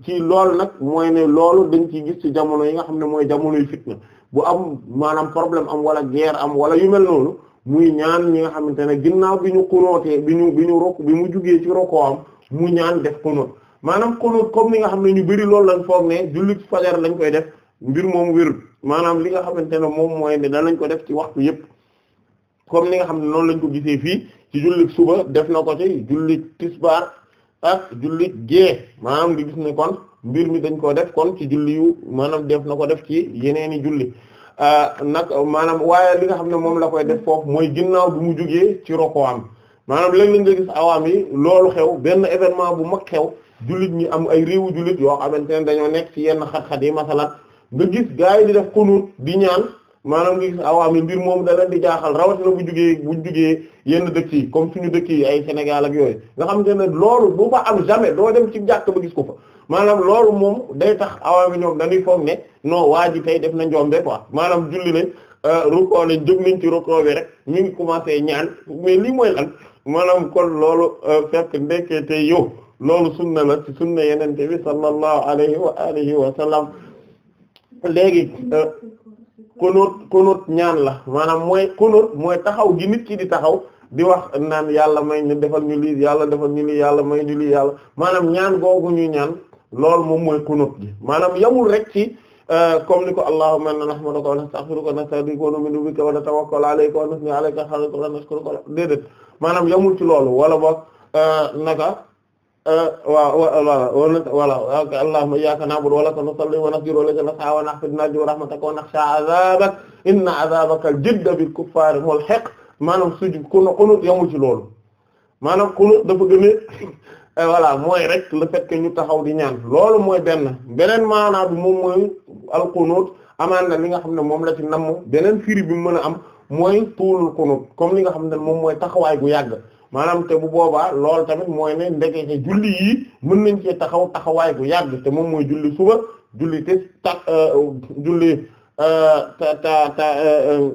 ci lool nag mooy ne loolu dañ ci gis ci jamono yi nga xam ne mooy jamono yu fitna bu am maanaam problème am wala guerre am wala yu mel noonu muy ñaan ñi nga xamante ne ginnaaw bi ñu kunootee bi ñu bi ñu rok bi mu jugee ci rokoo am mu ñaan def kunoot maanaam kunoot comme ni nga xam ne ñu bari loolu lañ foog ne jullit fajar lañ koy def mbir moom wérul maanaam li nga xamante ne moom mooy ne danañ ko def ci waxtu yépp comme ni nga xam ne noonu lañ ko gisee fii ci jullit suba def na ko ci jullit tisbaar ak jullit gée maanaam nga gis ne kon mbir mi dañ koo def kon ci julli yu maanaam def na ko def ci yeneeni julli ah, nag maanaam waaye li nga xam ne moom la koy def foofu mooy ginnaaw mu jugee ci rokoam maanaam léeg-léeg nga gis awaam yi loolu xew benn événement bu mag xew jullit ñi am ay réewu jullit yoo xamante ne dañoo nekk ci yenn xat-xat yi masalan nga gis gaa yi di def xunuut di ñaan maanaam ngi gis awaami mbir moom da leen di jaaxal rawatina bu jugee bu jugee yenn dëkk yi comme suñu dëkk yi ay Sénégal ak yooyu nga xam te ne loolu bu fa am jamais doo dem ci jàkk ba gis ko fa maanaam loolu moom day tax awaami ñoom dañuy foog ne non waa ji tey def na njombe quoi maanaam julli nañ euh, rukkoo nañ jóg ci rukkoo bi rek ñu ngi commencé ñaan mais lii mooy lan maanaam kon loolu euh, fekk ndekkee tey yow loolu sunna la ci sunna yenente bi sallallahu alayhi wa alihi wa sallam léegi euh, kunut kunut ñaan la maanaam mooy kunut mooy taxaw gi nit ki di taxaw di wax naan yàlla may ñu defal ñu lii yàlla defal ñu lii yàlla may ñu lii yàlla maanaam ñaan googu ñuy ñaan loolu moom mooy kunut gi maanaam yamul rek ci euh, comme ni ko allahumma inna nahmaduka wa nastaghfiruka wa nasta'dinuka wa nu'minu bika wa natawakkalu ko wa nuthni'u alayka wa nashkuruka déedéet maanaam yamul ci loolu wala boog euh, naka Euh, waaw voilà allahumma iyyaka na'budu wa laka nusalli wa nasjudu wa laka nas'a wa nahfidu narju rahmataka wa nakhsha 'adhabaka inna 'adhabaka al-jiddu bil kuffari mulhiq maanaam sujud kunu kunu yamu ci loolu maanaam kunu dafa gën a mooy rek le fait ñu taxaw di ñaan loolu mooy benn beneen maanaa bi moom mooy al-qunut amaan na li nga xam ne moom la ci namm beneen firi bi mu mën a am mooy tuulul qunut comme li nga xam ne moom mooy taxawaay gu yàgg maanaam te bu boobaa loolu tamit mooy ne ndekete julli yi mën nañ ci taxaw taxawaay bu yàgg te moom mooy julli suba julli tis ta euh, julli euh, ta ta ta euh,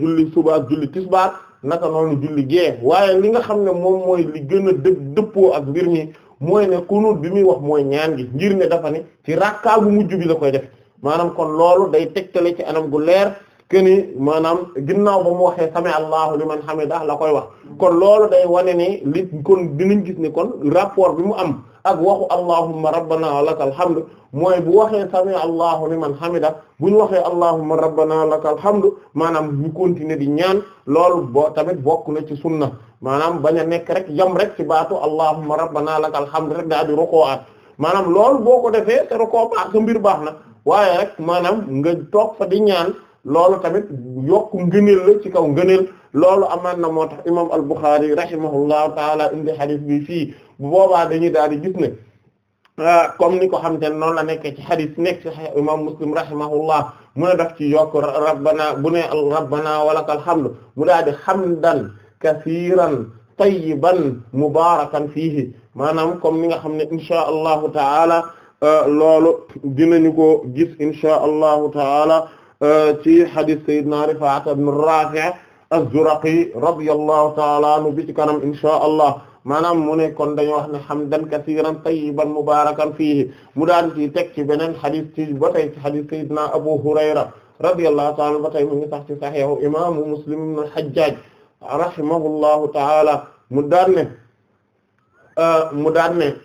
julli tisbaar naka noonu julli gee waaye li nga xam ne moom mooy li gën a dë dëppoo ak mbir mi mooy ne kunut bi muy wax mooy ñaan gi ngir ne dafa ne ci rakkaa bu mujj bi la koy def maanaam kon loolu day tegtale ci anam gu leer keni maanaam ginnaaw ba mu waxee sami allahu liman hamida la koy wax kon loolu day wane ni li kon dinañ gis ni kon rapport bi mu am ak waxu allahumma rabbana lakal hamdu mooy bu waxee sami allahu liman hamida bu ñu waxee allahumma rabbana lakal hamdu maanaam ñu continuer di ñaan loolu boo tamit bokk na ci sunna maanaam bañ a nekk rek yam rek ci baatu allahumma rabbana lakal hamdu rek daa di roko at maanaam loolu boo ko defee te roko baax sa mbir baax na waaye rek maanaam nga toog fa di ñaan loolu tamit yokk ngëneel la ci kaw ngëneel loolu amaan na moota tax imam al-Bukhari rahimahullahu taala indi xadis bi fii bu boobaa dañuy daal di gis ne ah, comme ni ko xam te noonu la nekk ci xadis nekk ci imam Muslim rahimahullah mu ne daf ci yokk rabbana bu ne rabbana walakal hamd mu daal di hamdan kasiiran tayyiban mubarakan fiihi maanaam comme ni nga xam ne insha allahu taala ah, loolu dinañu ko gis insha allahu taala ci hadith sayyidina Rifaa'a ibn Raafi' az-Zuraqi radiyallahu ta'ala anhu bi ci kanam inshaa Allah maanaam mu ne kon dañu wax ne hamdan kasiiran tayyiban mubaarakan fiihi mu daan ci teg ci beneen hadith ci ba tey ci hadith sayyidina Abu Hurayra radiyallahu ta'ala ba tey mu ngi sax ci Sahih imaamu Muslim ibn al-Hajjaj rahimahullahu ta'ala mu daan ne mu daan ne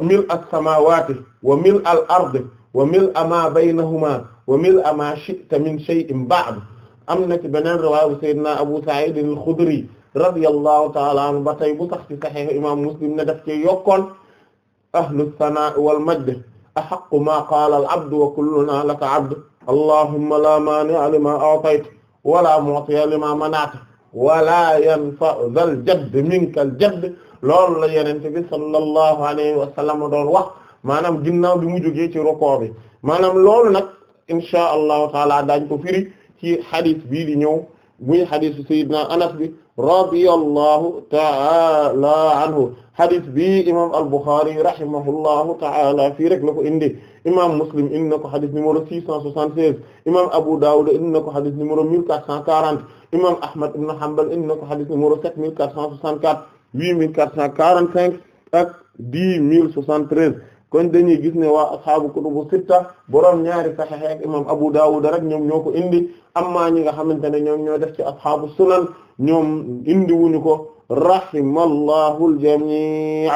mil as-samaawaati wa mil al-ardi wa mil ma baynahuma wa mil'a ma shi'ta min shay'in ba'd am na ci beneen riwaaya bu sayyidina Abu Sa'id al-Khudri radiyallahu ta'ala anhu ba tey bu sax ci Sahih imam Muslim ne daf ci yokkoon ahlu sanaa wal majd ahaqqu ma qaala al-'abdu wa kulluna laka 'abd allahumma la maani'a lima a'tayta wa la mu'tiya lima mana'ta wa la yanfa'u dhal jadd minka al-jadd loolu la Yonent bi sallallahu alayhi wa sallam doon wax maanaam ginnaaw bi mu jógee ci rukuu bi maanaam loolu nag insha allahu taala daañ ko firi ci xadis bii di ñëw muy xadis sayyidina anas bi radiyallahu taala anhu xadis bi imam al-Bukhari rahimahullahu taala fii rek la ko indi imam Muslim indi na ko xadis numéro 676 imam Abu Dawud indi na ko xadis numéro 1440 imam Ahmad ibn Hanbal indi na ko xadis numéro 7464 8445 ak 10073 kon dañuy gis ne waa ashaabu kutubu sitta borom ñaari sahih ak imam Abu Dawud rek ñoom ñoo ko indi amma ñi nga xamante ne ñoom ñoo def ci ashaabu sunan ñoom indi wuñu ko rahimallahu al-jamii'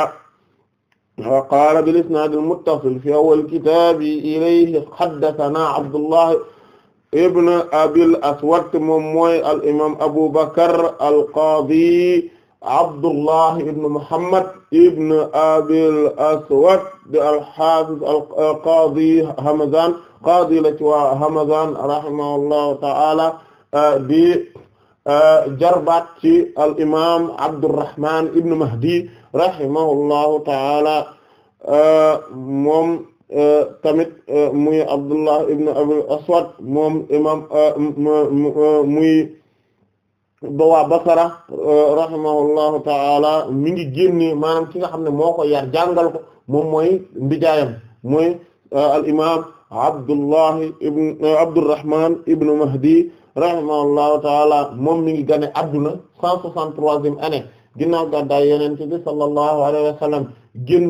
wa qaala bil isnaad al-muttasil fi awwal kitaabi ilayhi haddathanaa Abdullah ibn Abil Aswad moom mooy al imam Abu Bakr al-Qaadi Abdullah ibn Muhammad ibn Abil Aswad di al-Hafiz al-Qadi Hamazan qadi la ci waa Hamazan rahimahullahu ta'ala di jarbaat ci al-imam Abdurrahman ibn Mahdi rahimahullahu ta'ala moom tamit muy Abdullah ibn Abil Aswad moom imam muy. ba waa Basra euh, rahimahullahu ta'ala mi ngi génne maanaam ki nga xam ne moo ko yar jàngal ko moom mooy ndijaayam mooy euh, al imaam Abdullahi euh, ibn Mahdi rahimahullahu ta'ala moom mi ngi gane adduna 163e année ginnaaw gàddaay bi sallallahu alayhi wa sallam gën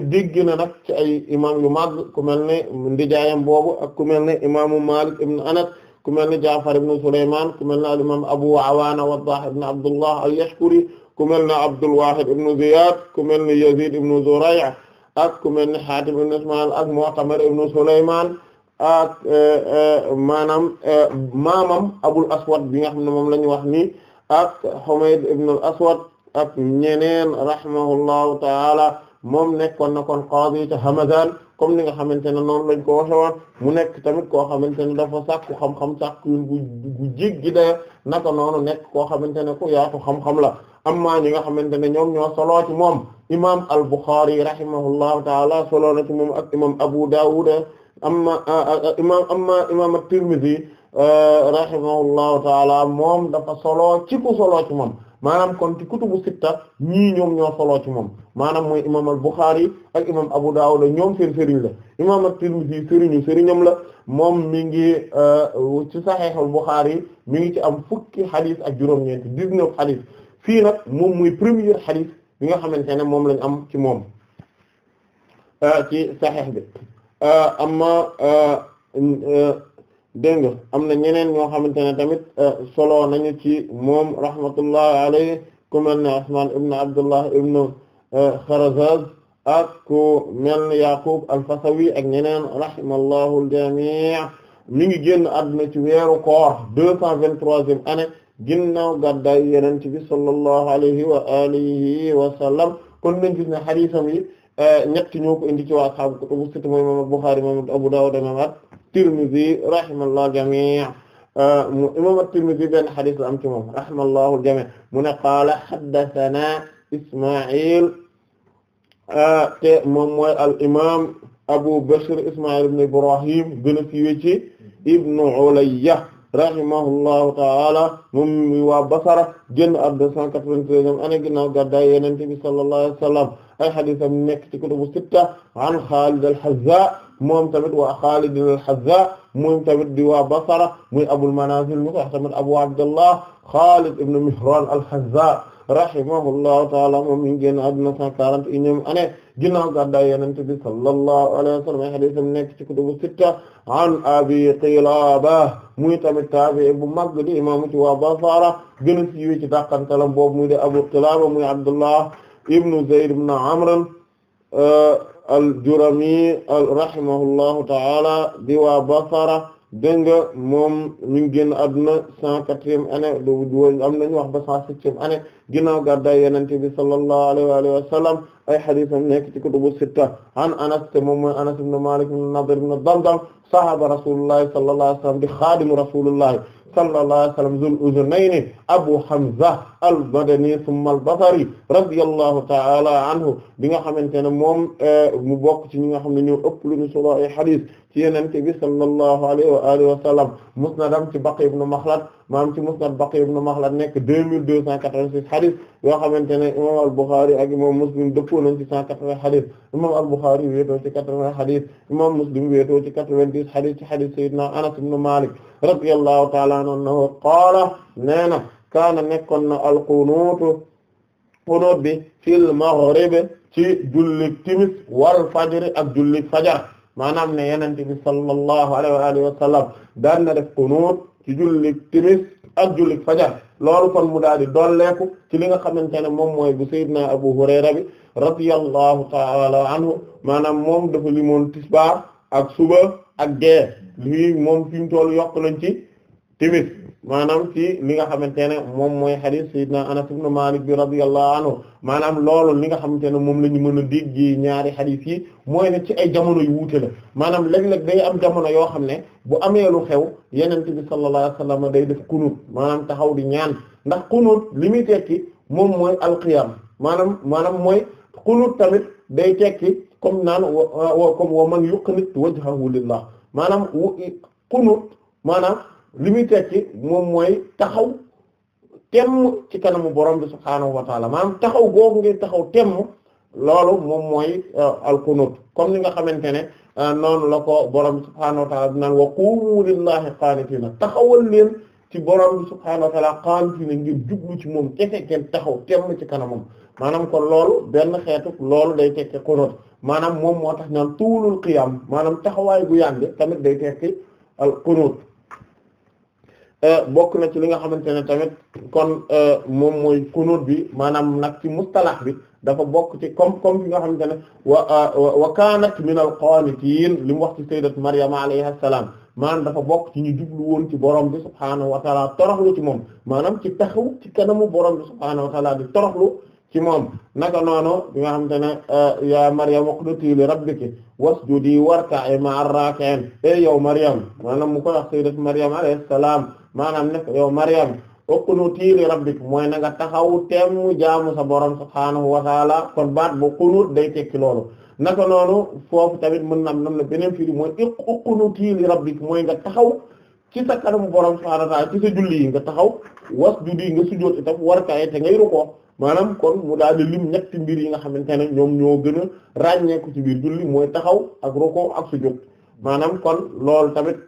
ci ay imaam yu mag ku mel ne ndijaayam boobu ak ku mel ne imaamu Malik ibn Anas. ku mel ne Jaafar ibn Sulaymaan ku mel ne al imaam Abu Awaana Waddaah ibn Abdullah al-Yashkuri ku mel ne Abdul Waahid ibn Ziyaad ku mel ne Yaziid ibn Zuray' ak ku mel ne Haatim ibn Ismaayil ak Mu'tamir ibn Sulaymaan ak eh, eh, maanaam eh, maamam Abul Aswad bi nga xam ne moom la ñu wax nii ak Humayd ibn al-Aswad ak ñeneen rahimahullahu ta'ala moom nekkoon na kon qaadi ca Hamadaan comme ni nga xamante ne noonu lañ ko waxe mu nekk tamit koo xamante ne dafa sàkku xam-xam sàkku gu gu jéggi dayo naka noonu nekk koo xamante ne ku yaatu xam-xam la amma ñi nga xamante ne ñoom ñoo soloo ci moom imam al-Bukhari rahimahullahu taala soloo na ci moom ak imam Abu Dawud amma imam amma imam at-Tirmidhi euh, rahimahullahu taala moom dafa soloo ci ku soloo ci moom maanaam kon ci kutubu sitta ñii ñoom ñoo soloo ci moom maanaam mooy imam al-Bukhari ak imam Abu Dawud ñoom seen sëriñ la imam at-Tirmidhi sëriñu sëriñam la moom mi ngi euh, ci Sahih al-Bukhari mi ngi ci am fukki xadis ak juróom-ñeent dix-neuf fii nag moom muy premier xadis bi nga xamante ne moom lañ am ci moom euh, ci Sahih bi euh, amma dégg nga am na ñeneen ñoo xamante ne tamit euh, solo nañu ci moom rahmatullahi alayhi ku mel ne Usmaan ibn Abdullah ibn Kharazaz euh, ak ku mel Yaqub al-Fasawi ak ñeneen rahimallahu al-jami' mi ngi génn àdduna ci weeru koor deux cent vingt-troisième année ginnaaw gàddaay Yonent bi sallallahu alayhi wa alihi wa sallam kon nañ gis ne hadiisam yi euh, ñett ko indi ci waa ashaabu kutubu sitta mooy imaam Bukhari imaam Abu Dawud imaam Tirmidhi rahimahullahu jami' euh, mu imam at-Tirmidhi benn xadis la am ci moom rahimahullahu jami' mu ne qaala haddathana Isma'il euh, te moom mooy al imam Abu Bishr Isma'il ibn Ibrahim gën a siiwe ci Ibn Ulayya rahimahullahu ta'ala moom mi waa Basra génn at deux cent quatre-vingt-treizième année ginnaaw gàddaay Yonent bi sallallahu alayhi wa sallam ay xadisam nekk ci kutubu sitta an Xaalid al-Hazza moom tamit waa Xaalid al-Hazza moom tamit di waa Basra muy Abul Manazil mu sax tamit Abu Abdullah Xaalid ibn Mihran al-Hazza rahimahullahu ta'ala moom mi ngi génn àdduna 140 ñoom année ginnaaw gàddaay Yonent bi sallallahu alayhi wa sallam hadith am nekk ci kutubu sitta an Abi Qilaaba muy tamit taabi'i bu mag di imaamu ci waa Basra gën a siiwee ci dàqantalam boobu muy de Abu Qilaaba muy Abdullah ibn Zayd ibn Amr al-Jurami rahimahullahu ta'ala di waa Basra dégg nga moom mi ngi génn àdduna cent quatrième année am nañu wax ba cent septième année ginnaaw gàddaay Yonent bi sallallahu alayhi wa alihi wa sallam ay hadiisam nekk ci kutubu sitta an Anas te moom mooy Anas ibn Malik ibn Nadir ibn Damdam sahaaba Rasuulullahi sallallahu alayhi wa sallam di xaadimu Rasuulullahi sallallahu alayhi wa sallam zul uzunayni abu hamza al-badani thumma al-basri radiyallahu ta'ala anhu bi nga xamante ne moom eh, mu bokk ci ñi nga xam ne ñoo ëpp lu ñu solo ay hadith ci yenente bi sallallahu alayhi wa alihi wa sallam musnadam ci baqi ibn makhlad maam ci musnad baqi ibn makhlad nekk deux mille deux cent quatre-vingt-six hadith yoo xamante ne imam al-bukhari ak imam muslim dëppoo nañ ci cent quatre-vingts hadith imam al-bukhari wéetoo ci quatre-vingts hadith imam muslim wéetoo ci quatre-vingt-dix hadith ci hadith sayyidina anas ibn malik radiyallahu ta'ala anhu qaala nee na kaana nekkoon na alqunuutu qunut bi fil maghrib ci julli timis wal fajri ak julli fajar maanaam ne yenente bi sallallahu alayhi wa alihi wa sallam qunut ci julli timis ak julli fajar loolu kon mu daal di dolleeku ci li nga xamante ne moom mooy bu sayyidina abu hurayra bi radiyallahu ta'ala anhu maanaam moom dafa limoon tisbaar ak suba ak gee lii moom fi mu yokk nañ ci timis maanaam ci li nga xamante ne moom mooy hadith sayyidina Anas ibn Malik bi radiyallahu anhu maanaam loolu li nga xamante ne moom la ñu mën a dégg ñaari hadith yi mooy ne ci ay jamono yu wuute la maanaam léeg-léeg day am jamono yoo xam ne bu amee lu xew yenente bi sallallahu alayhi day def kunut maanaam taxaw di ñaan ndax kunut li muy tekki moom mooy alqiyam maanaam maanaam mooy kunut tamit day tekki comme naan wa comme wa man yuqnit wajhahu lillah maanaam qunut maanaam li muy tekki moom mooy taxaw temm ci kanamu borom bi subhaanahu wa taala maanaam taxaw googu ngay taxaw temm loolu moom mooy uh, al comme ni nga xamante ne uh, noonu la ko borom bi subhaanahu wa naan wa lillahi qaanitina taxawal leen ci borom bi subhaanahu wa taala qaanitina ngir jublu ci moom kese kenn taxaw temm ci kanamam maanaam kon loolu benn xeetu loolu day tekki qunut maanaam moom moo tax naan tuulul qiyam maanaam taxawaay gu yàgg tamit day tekki qunut euh, bokk na ci li nga xamante ne tamit kon euh, moom mooy qunut bi maanaam nag ci mustalax bi dafa bokk ci comme comme bi nga xamante ne wa euh, wa kaanat min al qaanitiin li mu wax ci sayyidat maryama alayha salaam maanaam dafa bokk ci ñu jublu woon ci borom bi subhaanahu wa taala toroxlu ci moom maanaam ci taxaw ci kanamu borom bi subhaanahu wa ci moom naka noonu bi nga xamante ne euh, ya Maryam uqnuti li rabbiki wasjudi warka'i ma'ar raaki'in e eh, yow Maryam maanaam mu koy wax sayyidat Maryam alayhi salaam maanaam ne yow Maryam na taxaw teem mu jaamu sa borom subhaanahu wa ta'ala kon baat bu qunut day tekki loolu naka noonu foofu tamit mën na am na beneen firi mooy uqnuti li rabbiki mooy nga taxaw ci sa kanamu borom subhaanahu wa ta'ala sa julli nga taxaw wasjudi nga sujjóot itam warka'i te ngay rukkoo maanaam kon mu daal di lim ñetti mbir yi nga xamante ne ñoom ñoo gën a ràññeeku ci biir julli mooy taxaw ak roko ak sujjóot maanaam kon loolu tamit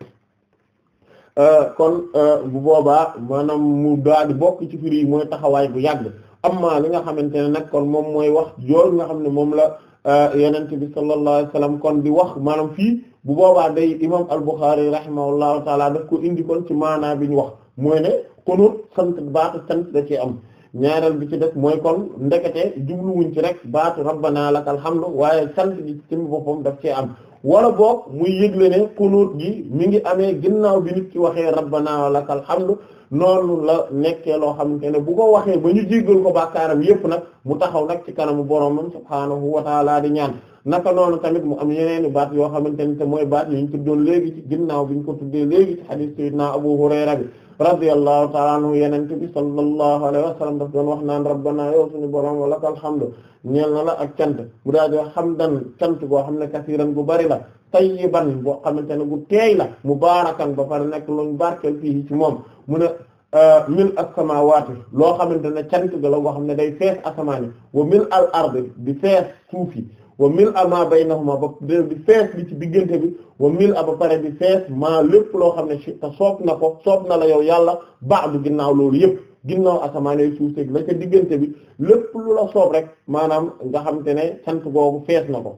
euh, kon euh, bu boobaa maanaam mu daal di bokk ci firi yi mooy taxawaay bu yàgg amma li nga xamante ne nag kon moom mooy wax yooyu nga xam ne moom la euh, yenente bi sallallahu alayhi wasallam kon di wax maanaam fii bu boobaa day imam al-Bukhari rahimahullahu taala daf ko indi kon ci maanaa bi ñu wax mooy ne konut sant baata sant da ci am ñaareel bi ci def mooy kon ndekete jubluwuñ ci rek baatu rabbana lakal hamdu waaye sant gi ci boppam daf cee am wala boog muy yëgle ne kunuut gi mi ngi amee ginnaaw bi nit ci waxee rabbana lakal hamdu noonu la nekkee loo xamante ne bu ko waxee ba ñu jéggal ko bàkkaaram yépp nag mu taxaw nag ci kanamu boromam subhaanahu wa ta'ala di ñaan naka noonu tamit mu am yeneeni baat yoo xamante ni te mooy baat yi ñu tuddoon léegi ci ginnaaw bi ñu ko tuddee léegi ci hadith sayyidina Abu Hurayra bi radiyallahu ta'ala anhu yenente bi sallallahu alayhi wa wax naan rabbana yow suñu borom wa lakal hamdu ñeel na la ak cant bu daa doo hamdan cant boo xam ne kasiiran gu bari la tayyiban boo xamante ne gu teey la mubaarakan ba pare nekk luñ barkel fii ci moom mu ne euh, mil as-samawati loo xamante ne cant ga la boo xam ne day fees asamaan yi wa mil al di fees suuf yi wa mil a bay baynahuma ba di fees li ci diggante bi wa mil a ba pare bi fees maa lépp loo xam ne ci ta soob na ko soob na la yow yàlla ba'du ginnaaw loolu yëpp ginnaaw asamaan yooyu suuf seeg la ca diggante bi lépp lu la soob rek maanaam nga xam te ne sant googu fees na ko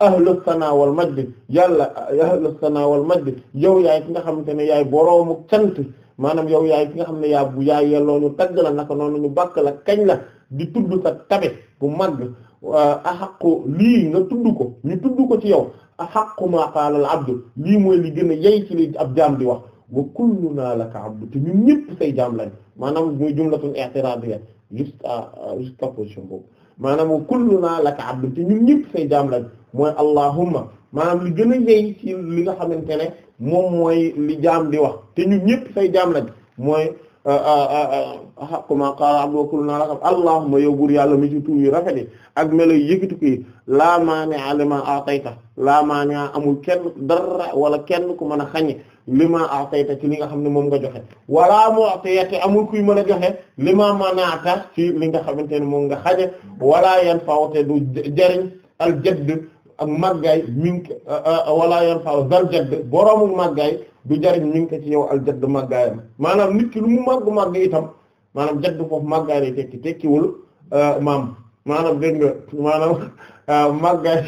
ahlus sana wal majd yàlla ahlus sanaawal wal bi yow yaay ki nga xamante ne yaay boroomu sant maanaam yow yaay ki nga xam ne yaa bu yaay yelloo ñu tagg la naka noonu ñu bàkk la kañ la di tudd sa tabe bu màgg a xaqu lii nga tudd ko ñu tudd ko ci yow a xaqu ma qaala al abdu lii mooy li gën a yey ci li ab jaam di wax wa kulluna laka abdu te ñun ñëpp say jaam lañ maanaam muy jumlatun i'tiradiyya juste à juste à position boobu maanaam wa kulluna laka abdu te ñun ñëpp say jaam lañ mooy allahumma maanaam li gën a yey ci li nga xamante ne moom mooy li jaam di wax te ñun ñëpp say jaam lañ mooy ma qaala abdokul naa lakam allahumma yow buur yàlla mi ci tuur rafet yi ak melo yëkkati ko yi laa maani'a limaa a'tayta laa maani'a amul kenn dara wala kenn ku mën a xañe limaa a'tayta ci li nga xam ne moom nga joxe wala mu'tiyati amul kuy mën a joxe lima ma mana'ta ci li nga xamante ne moom nga xañe wala yanfa'u du jariñ al jadd ak maggaay mi ngi wala yan faaw dal jadd boroomu màggaay du jariñ mi ci yow al jadd màggaayam maanaam nit ki lu mu màgg màgg itam maanaam jadd foofu màggaay lay tekki tekkiwul maam maanaam dégg nga maanaam màggaay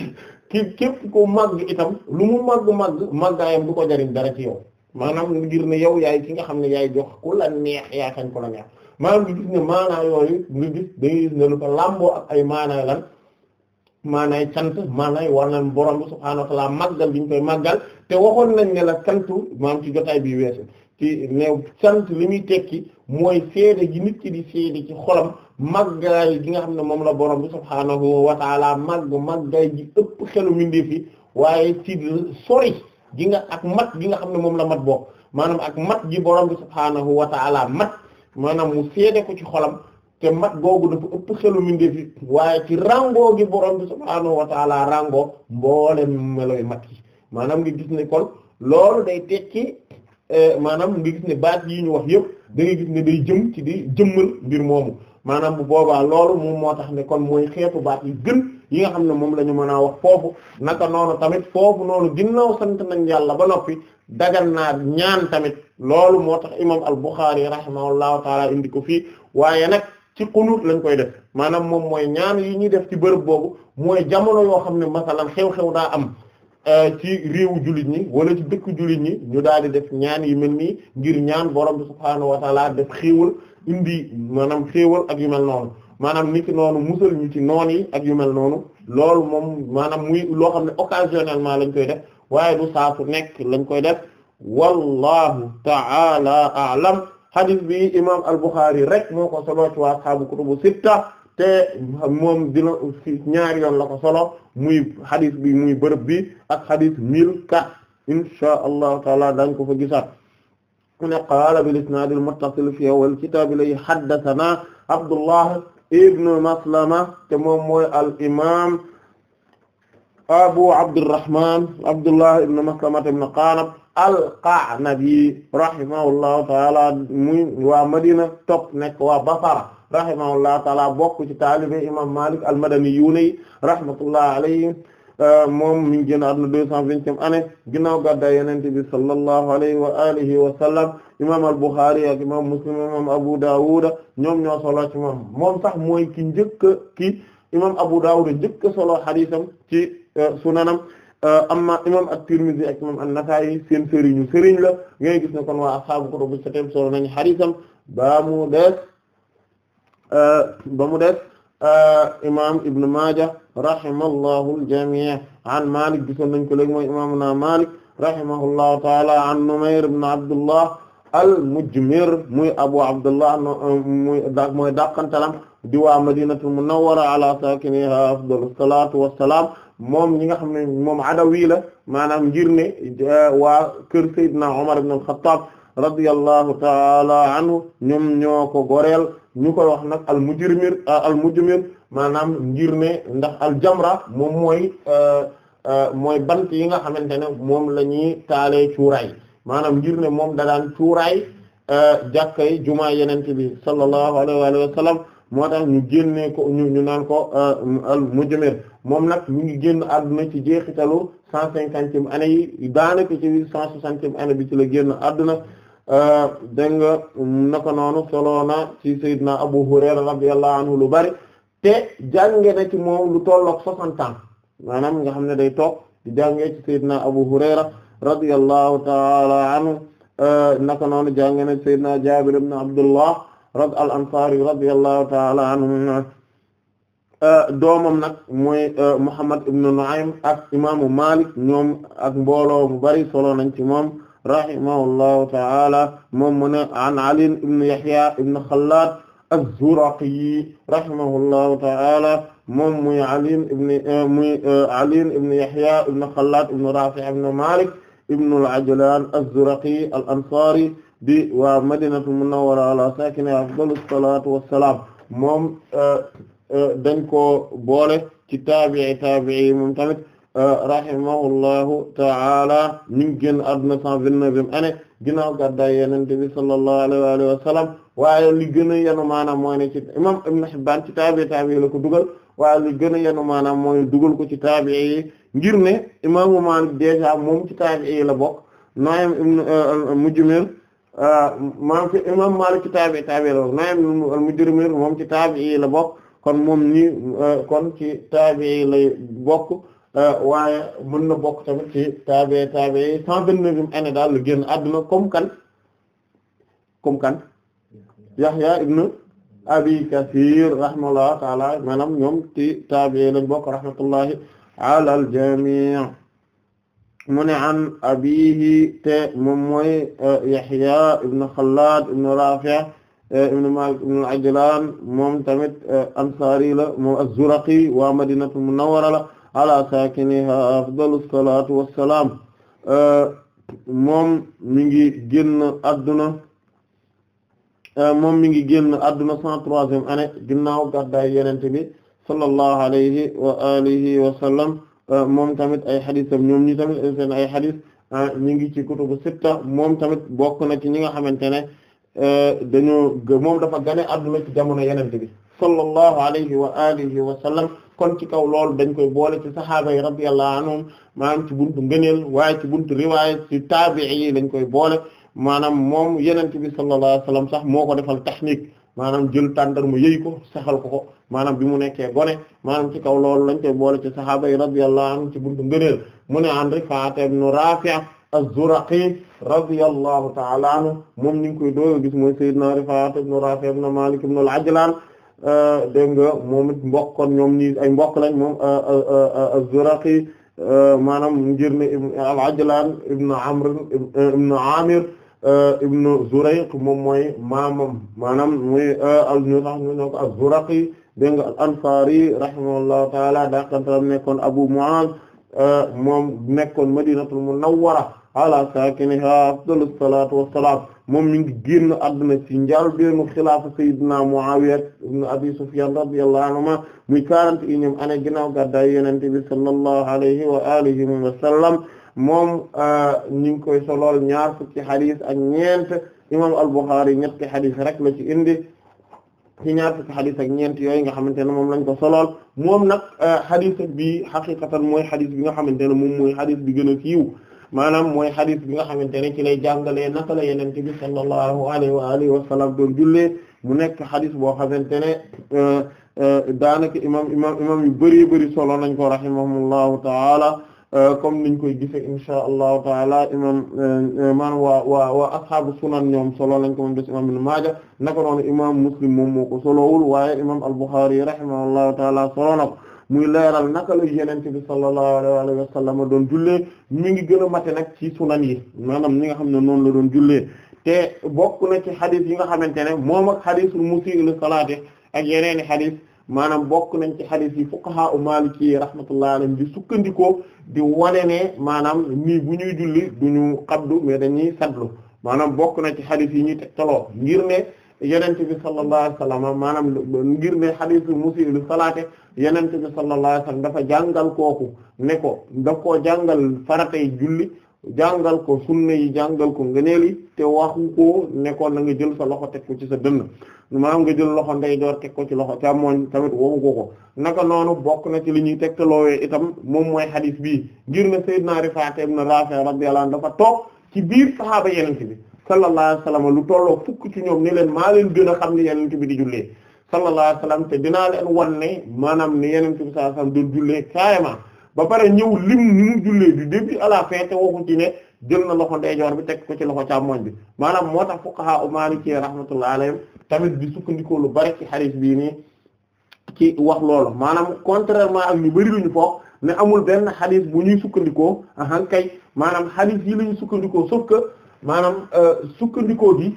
ki képp ko màgg itam lu mu màgg màgg màggaayam du ko jariñ dara ci yow maanaam ngir ne yow yaay ki nga xam ne yaay jox ku la neex yaa sañ ko la neex maanaam nga gis ne maanaa yooyu gis da nga gis ne lu ak ay maanaa lan maanaay cant maanaay war borom bi subhaanahu wa ta'ala màggal bi ñu koy màggal te waxoon nañ ne la cantu maam ci jotaay bi weesu ci new cant li muy tekki mooy seede gi nit ki di seede ci xolam màggaay gi nga xam ne moom la borom bi subhaanahu wa ta'ala màgg màggaay gi ëpp xelu mindee fi waaye ci sori gi nga ak mat gi nga xam ne moom la mat bokk maanaam ak mat gi borom bi subhaanahu wa ta'ala mat maanaam mu seede ko ci xolam te mat googu dafa ëpp xelu mindeef yi waaye ci rango gi borom bi subhaanahu wa taala rango mboole meloy mat yi maanaam nga gis ne kon loolu day tekki eh, maanaam nga gis ne baat yi ñu wax yëpp da gis ne day jëm ci di jëmmal mbir moomu maanaam bu boobaa loolu moom moo tax ne kon mooy xeetu baat yi gën yi nga xam ne moom lañu ñu mën a wax foofu naka noonu tamit foofu noonu ginnaaw sant nañ yàlla ba noppi dagan naa ñaan tamit loolu moo tax imam al Bukhari rahimahullahu taala indi ko fii waaye nag ci qunut lañ koy def maanaam moom mooy ñaan yi ñuy def ci bërëb boobu mooy jamono yoo xam ne masalan xew-xew daa am euh, ci réewu jullit ñi wala ci dëkk jullit ñi ñu daal di def ñaan yi mel nii ngir ñaan borom bi subhaanahu wa taala def xéewal indi maanaam xéewal ak yu mel noonu maanaam nit ki noonu musal ñu ci noon yi ak yu mel noonu loolu moom maanaam muy loo xam ne occasionnellement lañ koy def waaye du saa nekk lañ koy def wallahu ta'ala a'lam hadith bi imam al-Bukhari rek moo ko solo ci waa ashaabu kutubu sitta te moom dina ñaari yoon la ko solo muy hadith bi muy bërëb bi ak hadith mille quatre insha allahu taala dañ ko fa gisaat mu ne qaala bil isnaad al-muttasil fi awwal kitaab lay haddathana Abdullah ibn Maslama te moom mooy al imam Abu Abdurrahman Abdullah ibn Maslama ibn Qanab al-Qa'nabi rahimahullahu taala muy waa Madina topp nekk waa Basra rahimahullahu taala bokk ci taalibe imam Malik al-Madani yuuney rahmatullahi moom mi ngi génn àdduna deux cent vingtième année ginnaaw gàddaay Yonent bi sallallahu alayhi wa alihi wa imam al ak imam Muslim imam Abu Dawud ñoom ñoo solo ci moom moom sax mooy ki njëkk ki imam Abu Dawud njëkk solo xadiisam ci sunanam Euh, amma imam at-Tirmidhi ak imam an-Nasa'i seen sëriñu sëriñ la ngay gis ne kon waa ashaabu kutubu sitta solo nañu xarisam ba mu des euh, ba mu des euh, imam Ibn Maaja rahimahullahu al-jamii' an Maalik gisoon nañ ko léegi mooy imaamuna Maalik rahimahullahu ta'ala an Numayr ibn Abdullah al-Mujmir muy Abu Abdullah muy mooy dàqantalam di waa Madinatul Munawwara ala saakinihaa afdalu salaatu wassalaam moom ñi nga xam ne moom adawi la maanaam ngir ne euh, waa kër Seydina Omar ibn al-Khattab radiyallahu taala anhu ñoom ñoo ko goreel ñu koy wax nag al mujrimir euh, al mujrimir maanaam ngir ne ndax al jamra moom mooy euh, mooy bant yi nga xamante ne moom la ñuy taalee cuuraay maanaam ngir ne moom da daan cuuraay jàkkay jumaa yenente bi sallallahu alayhi wa moo tax ñu génnee ko ñu ñu naan ko euh, al mujmir moom nag mi ngi génn àdduna ci jeexitalu cent cinquantième année yi daanaka ci cent soixantième année bi ci génn àdduna euh, dégg nga naka noonu solo na ci Seydina Abu Hurayra radiyallahu anhu lu bari te jànge na ci moom lu tollook soixante ans maanaam nga xam ne day toog di jàngee ci Seydina Abu Hurayra radiyallahu ta'ala anhu euh, naka noonu jànge na ci Seydina Jaabir ibn Abdullah rad al ansari radiyallahu taala anhuma euh, doomam nag mooy euh, Muhammad ibn Nu'aym ak imaamu Malik ñoom ak mbooloo mu bari solo nañ ci moom rahimahullahu ta'ala moom mu ne an Ali ibn Yahya ibn Khallad az-Zuraqi rahimahullahu ta'ala moom muy Ali ibn euh, muy Ali ibn Yahya ibn Khallad ibn Rafi' ibn Malik ibn al-Ajlan az-Zuraqi al-Ansari di waa madinatu munawwara ala sakina afdalu salatu wassalaam moom euh, euh, dañ ko boole ci taabii taabii moom tamit euh, rahimahullahu ta'ala ñu ngi génn àdduna cent vingt-neuvième année ginnaaw gàddaay Yonent bi sallallahu alayhi wa alihi wa sallam waaye li yenu maanaam mooy ne ci imam Ibn Hibbaan ci taabii taabii la ko dugal waaye li gën a yenu maanaam mooy dugal ko ci taabii yi ngir ne imaamu Maalik déjà moom ci taabii yi la bokk Nu'aym Mujmir Euh, maanaam ci imam Maalik ci taabi taabi la al-Mujrim moom ci taabi la bokk kon moom ni euh, kon ci taabi lay bokk euh, waaye mën na bokk tamit ci taabi taabi cent vingt-neuvième année daal la génn àdduna comme kan comme kan Yahya ibn Abi Kathir rahimahullahu ta'ala maanaam ñoom ci taabi lañ bokk rahmatullahi ala al mu ne an abihi te moom mooy e, Yahya ibn Xallaad ibn Raafi' e, ibn Maalik ibn Ajlaan moom tamit e, ansaari la moom az-Zuraqi waa Madinatul ala saakinihaa afdalu salaatu salaam moom mi ngi génn adduna moom mi ngi génn adduna cent troisième année ginnaaw gàddaay Yonent bi sallallahu alayhi wa alihi wa sallam Euh, moom tamit ay xadisam ñoom ñi tamit seen ay xadis ah, ñu ngi ci kutubu sitta moom tamit bokk na ci ñi nga xamante ne euh, dañoo moom dafa gane adduna ci jamono yenente bi sallallahu alayhi wa alihi wa sallam kon ci kaw loolu dañ koy boole ci sahaaba yi radiyallahu anhum maanaam ci buntu ngëneel waaye ci buntu riwaaya ci taabi'i yi lañ koy boole maanaam moom yeneen bi sallallahu alayhi wa sax moo ko defal tahnik maanaam jël tàndar mu yëy ko saxal ko ko maanaam bi mu nekkee gone maanaam ci kaw loolu lañ koy boole ci sahaaba yi radiyallahu anhum ci buntu ngëneel mu ne an Rifaa'a ibn Raafi' az-Zuraqi radiyallahu ta'ala anhu moom ñu ngi koy dooyo gis mooy sayyidina Rifaa'a ibn Raafi' ibn Maalik ibn al-Ajlaan euh, dégg nga moom mbokk ñoom ñi ay mbokk lañ moom euh, euh, az-Zuraqi maanaam ngir ne al-Ajlaan ibn Amr ibn Aamir Euh, ibnu Zurayq moom mooy maamam maanaam muy euh, ñu sax ñu ñoo ko az-Zuraqi dégg nga al-Ansari rahimahullahu taala dakantaram nekkoon Abu Mu'az euh, moom nekkoon Madinatul Munawwara ala saakiniha afdalu salaatu wassalaam moom mi ngi génn àdduna ci njàlbéenu xilaafa Seydina Muawiya ibn Abi Sufyan radiyallahu anhuma muy quarante et unième année ginnaaw gàddaay Yonent bi sallallahu alayhi wa alihi wa sallam moom euh, ñu ngi koy solool ñaar fukki xadis ak ñeent imam al-Bukhari ñetti xadis rek la ci indi ci ñaar fukki xadis ak ñeent yooyu nga xamante ne moom lañ ko solool moom nag euh, xadis bi xaqiqatan mooy xadis bi nga xamante ne moom mooy xadis bi gën a siiw maanaam mooy xadis bi nga xamante ne ci lay jàngalee naka la yonent bi sallallahu alayhi wa alihi wa sallam doon jullee mu nekk xadis boo xamante ne euh, daanaka imam imam imam yu bari bari solo nañ ko rahimahumullahu ta'ala Euh, comme niñ koy gisee insha allah taala imam euh, euh, maanaam waa waa waa ashaabu sunan ñoom solo lañ ko moom des imam ibn Maaja naka noonu imam Muslim moom moo ko solowul waaye imam al-Bukhari rahimahullahu taala solo na muy leeral naka la yenente bi sallallahu alayhi wa doon jullee mi ngi gën a mate nag ci sunan yi maanaam ñi nga xam ne noonu la doon jullee te bokk na ci xadis yi nga xamante ne moom ak xadisul musii'u li salaati ak yeneeni xadis maanaam bokk nañ ci xadis yi fuqaha u maliki rahmatullah alayhim di sukkandikoo di wane ne maanaam nii bu ñuy julli duñu xabdu mais dañuy sadlu maanaam bokk na ci xadis yi ñuy tegtaloo ngir ne yenent bi sallallahu alayhi wasallam maanaam ngir ne xadisul musii lu salaate yenent bi sallallahu alayhi wasallam dafa jàngal kooku ne ko daf koo jàngal faratay julli jàngal ko sunna yi jàngal ko nga yi te waxu ko nekkoon na nga jël sa loxo teg ko ci sa dënn maanaam nga jël loxo ndeyjoor teg ko ci loxo càmmooñ tamit waxu ko ko naka noonu bokk na ci li ñuy tegtaloowee itam moom mooy hadith bii ngir na Seydina Rifaa'a na Raafi' radiyallahu anhu dafa toog ci biir saxaaba yenente bi sallallahu alayhi wasallam lu tolloo fukk ci ñoom ni leen maa leen gën a xam ne yenente bi di jullee sallallahu alayhi wasallam te dinaa leen wan ne maanaam ni yenente bi sallallahu alayhi wasallam doon jullee carrément ba pare ñëw lim nu mu jullee du début à la fin te ne jël na loxo ndeyjoor bi teg ko ci loxo càmmoñ bi maanaam moo tax fuqaha u Maliki rahmatullahi alayhim tamit bi sukkandikoo lu bari ci hadith bii nii ci wax loolu maanaam contrairement ak ñu bari luñu foog ne amul benn hadith bu ñuy sukkandikoo ahan kay maanaam hadith yi lañu sukkandikoo sauf que maanaam euh, sukkandikoo bi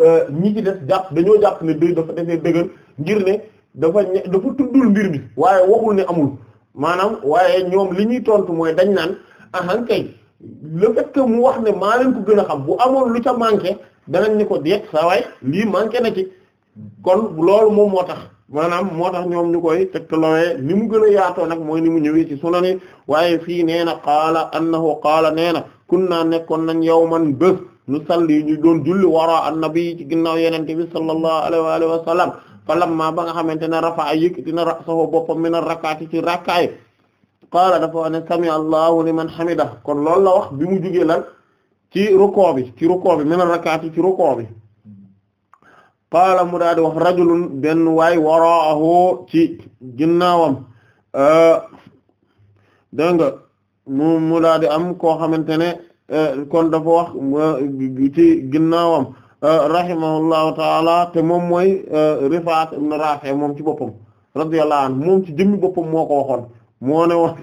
euh, ñi ci def jàpp dañoo jàpp ne dé dafa defee dëgër ngir ne dafa dafa tuddul mbir bi waaye waxul ne amul maanaam waaye ñoom li ñuy tontu mooy dañ naan ahan kay le fait mu wax ne maa leen ko gën a xam bu amoon lu ca manqué danañ ni ko déet saa lii manqué na ci kon loolu moom moo tax maanaam moo tax ñoom ñu koy tegtalooyee ni mu gën a yaatoo nag mooy ni mu ñëwee ci sunani waaye fii nee na qaala annahu qaala nee na kunna nekkoon nañ yawman bés nu salli ñu doon julli wara annabi ci ginnaaw yenente bi sallallahu alayhi wa alihi wa sallam falamma ba nga xamante ne rafa'a yëkkati na ra'sahu boppam min ar-rak'ati ci rakkaay qaala dafa wax ne sami allahu liman hamida kon loolu la wax bi mu jugee lan ci rukoo bi ci rukoo bi min ar-rak'ati ci rukoo bi qaala mu daal di wax rajulun benn waay waraahu ci ginnaawam euh, dégg nga mu mu daal di am koo xamante ne euh, kon dafa wax euh, ci ginnaawam rahimahullahu taala te moom mooy euh, Rifaat ibn Rafi moom ci boppam radiyallahu anhu moom ci jëmmi boppam moo ko waxoon moo ne wax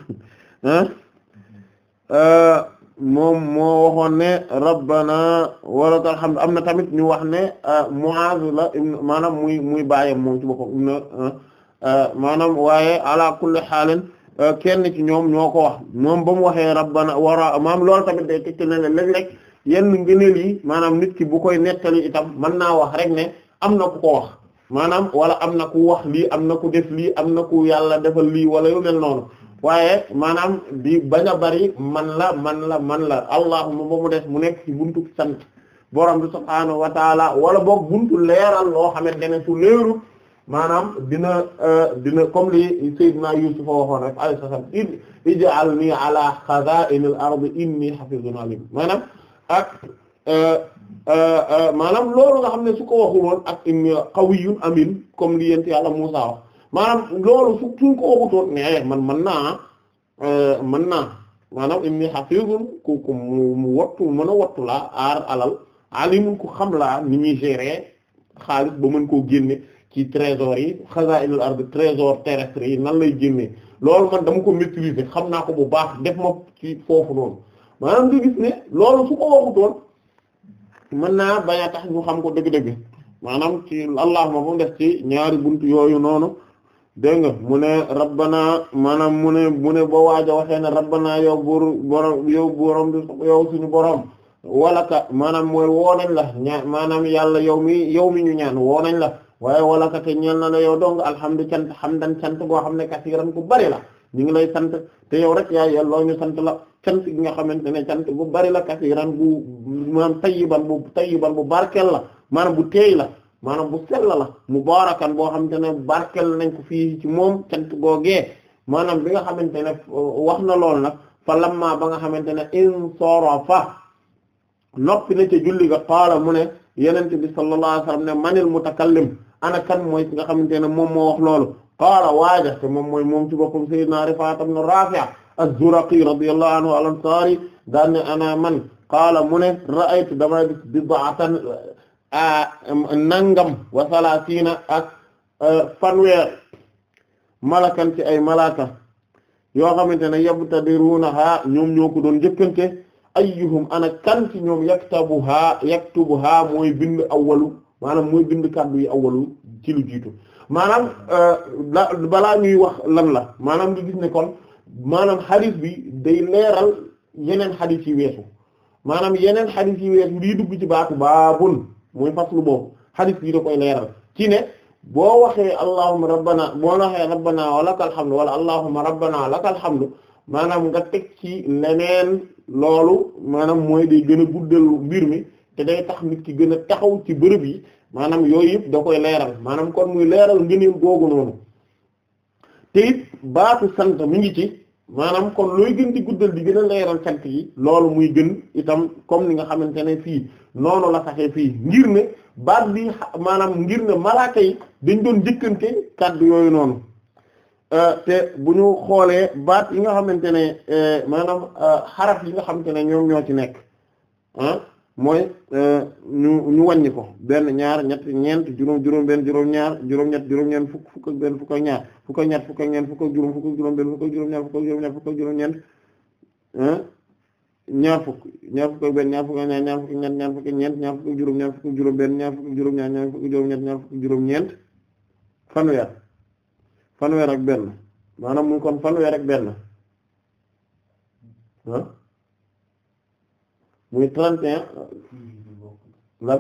euh, moom moo waxoon ne rabbana walakal hamd am na tamit ñu wax ne euh, Muaz la maanaam muy muy bàyyam moom ci boppam maanaam waaye ala kulli xaalin kenn ci ñoom ñoo ko wax moom ba mu waxee rabbana wara maam lool tamit day tegte ne léeg yenn ngëneel yi maanaam nit ki bu koy nettali itam mën naa wax rek ne am na ku ko wax maanaam wala am na ku wax lii am na ku def lii am na ku yàlla defal lii wala yu mel noonu waaye maanaam di bañ a bari man la man la man la allahuma ba mu des mu nekk ci buntu sant borom bi subhaanahu wa taala wala boog buntu leeral loo xamante ne su leerul maanaam dina euh, dina comme li Seydina Yusuf waxoon rek alayhi salaam ij'alnii ala xazaa'inil ardi inni hafiizun aliim maanaam ak euh, euh, euh, maanaam loolu nga xam ne su ko waxuloon ak qawiyyun amin comme li yent yàlla Muusaa wax maanaam loolu su suñ ko waxutoon mais eh, man mën naa mën naa maanaam inni hafizun ku ku mu wattu mën a wattu laa aar alal alimun ku xam laa ni ñuy gérer xaalis ba mën koo génne ci trésor yi xazaa'inul ard trésor terrestre yi nan lay génne loolu man dama ko maîtriser xam naa ko bu baax def ma ci foofu noonu maanaam nga gis ne loolu su ko waxutoon mën naa bañ a tax ñu xam ko dëgg-dëgg maanaam ci allahuma ma bu def ci ñaari bunt yooyu noonu dégg nga mu ne rabbana maanaam mu ne mu ne boo waaja waxee ne rabbana yow buur borom yow borom bi yow suñu borom ka maanaam mooy woo la ñaa maanaam yàlla yow mi yow mi ñu ñaan woo nañ la waaye walaka te ñeel na la yow dong alhamdu cant xam dan cant boo xam ne kasiiran ku bari la ñu ngi lay sant te yow rek yaa yelloo ñu sant la cant gi nga xamante ne cant bu bari la kasiiran bu maanaam tayyiban bu tayyiban bu barkel la maanaam bu teey la maanaam bu sell la mubaarakan boo xamante ne barkel nañ ko fii ci moom cant googee maanaam bi nga xamante ne wax na lool nag fa lamma ba nga xamante ne sooro sarafa noppi na ca julli ga qaala mu ne yenente bi sallallahu alayhi wasallam ne manil mutakallim ana kan mooy ki nga xamante ne moom moo wax loolu qaala waaja te moom mooy moom ci boppam sayyidina Rifaa'a ibn Raafi' az-Zuraqi radiyallahu anhu al-Ansaari daan ne ana man qaala mu ne ra'aytu dama gis bid'atan nangam wa salaasiina ak e, fanweer malakan ci ay malaaka yoo xamante ne yabtadiruunahaa ñoom ñoo ko doon njëkkante ayyuhum ana kan ci ñoom yaktabuhaa yaktubuhaa mooy bind awwalu maanaam mooy bind kaddu yi awwalu ci lu jiitu maanaam euh, balaa ñuy wax lan la maanaam nga gis ne kon maanaam xadis bi day leeral yeneen xadis yi weesu maanaam yeneen xadis yi weesu lii dugg ci baatu baa baabun mooy faslu boobu xadis bi da koy leeral ci ne boo waxee allahumma rabbana boo waxee rabbana wa lakal hamdu wala allahumma rabbana lakal hamdu maanaam nga teg ci leneen loolu maanaam mooy day gën a guddal mbir mi te day tax nit ki gën a taxaw ci bërëb yi maanaam yooyu yëpp da koy leeral maanaam kon muy leeral ngëneel googu noonu te it baatu sant mu ngi ci maanaam kon looy gën di guddal di gën a leeral sant yi loolu muy gën itam comme ni nga xamante ne fii noonu la saxee fii ngir ne baat bi maanaam ngir ne malaaka yi dañ doon jëkkante kàddu yooyu noonu euh, te bu ñu xoolee baat yi nga xamante ne euh, maanaam euh, xaraf yi nga xamante ne ñoom ñoo ci nekk ah, mooy ñu ñu wàññi ko benn ñaar ñett ñeent juróom juróom benn juróom ñaar juróom ñett juróom ñeent fukk fukk ak benn ñaar fukk ak ñett fukk ak ñeent fukk ak juróom fukk ak juróom benn fukk ñaar fukk ak ñaar fukk ñaar fukk ak benn ñaar fukk ak ñaar ñaar juróom ñaar fukk ak juróom benn ñaar fukk ak juróom ñaar ñaar fukk ak juróom ñett ñaar ak benn maanaam mu kon fanweer ak benn ah muy 31 lan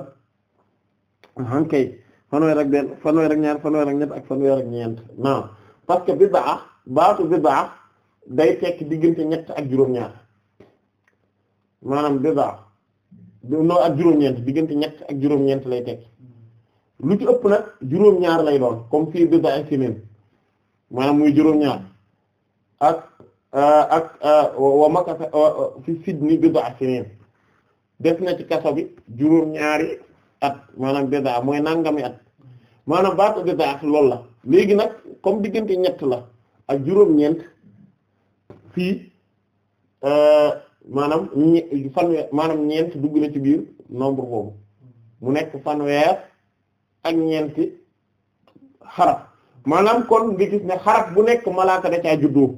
hankay fanweer ak benn fanweer ak ñaar fanweer ak ñett ak fanweer ak ñeent non parce que bid'a baatu bid'a day tekki diggante ñett ak juróom-ñaar maanaam bid'a no ak juróom-ñeent diggante ñett ak juróom-ñeent lay tekk lu ci ëpp nag juróom-ñaar lay doon comme fii bid'a ak sinin maanaam muy juróom-ñaar ak euh, ak euh, wa makasa fi sidni bid'a ak sinin def na ci kaso bi juróom-ñaari at maanaam bida mooy nangami at maanaam baatu bida lool la léegi nag comme diggante ñett la ak juróom-ñeent fii euh, maanaam ñe fanweer maanaam ñeent dugg na ci biir nombre boobu mu nekk fanweer ak ñeenti xaraf maanaam kon nga gis ne xaraf bu nekk malaaka da caa juddoo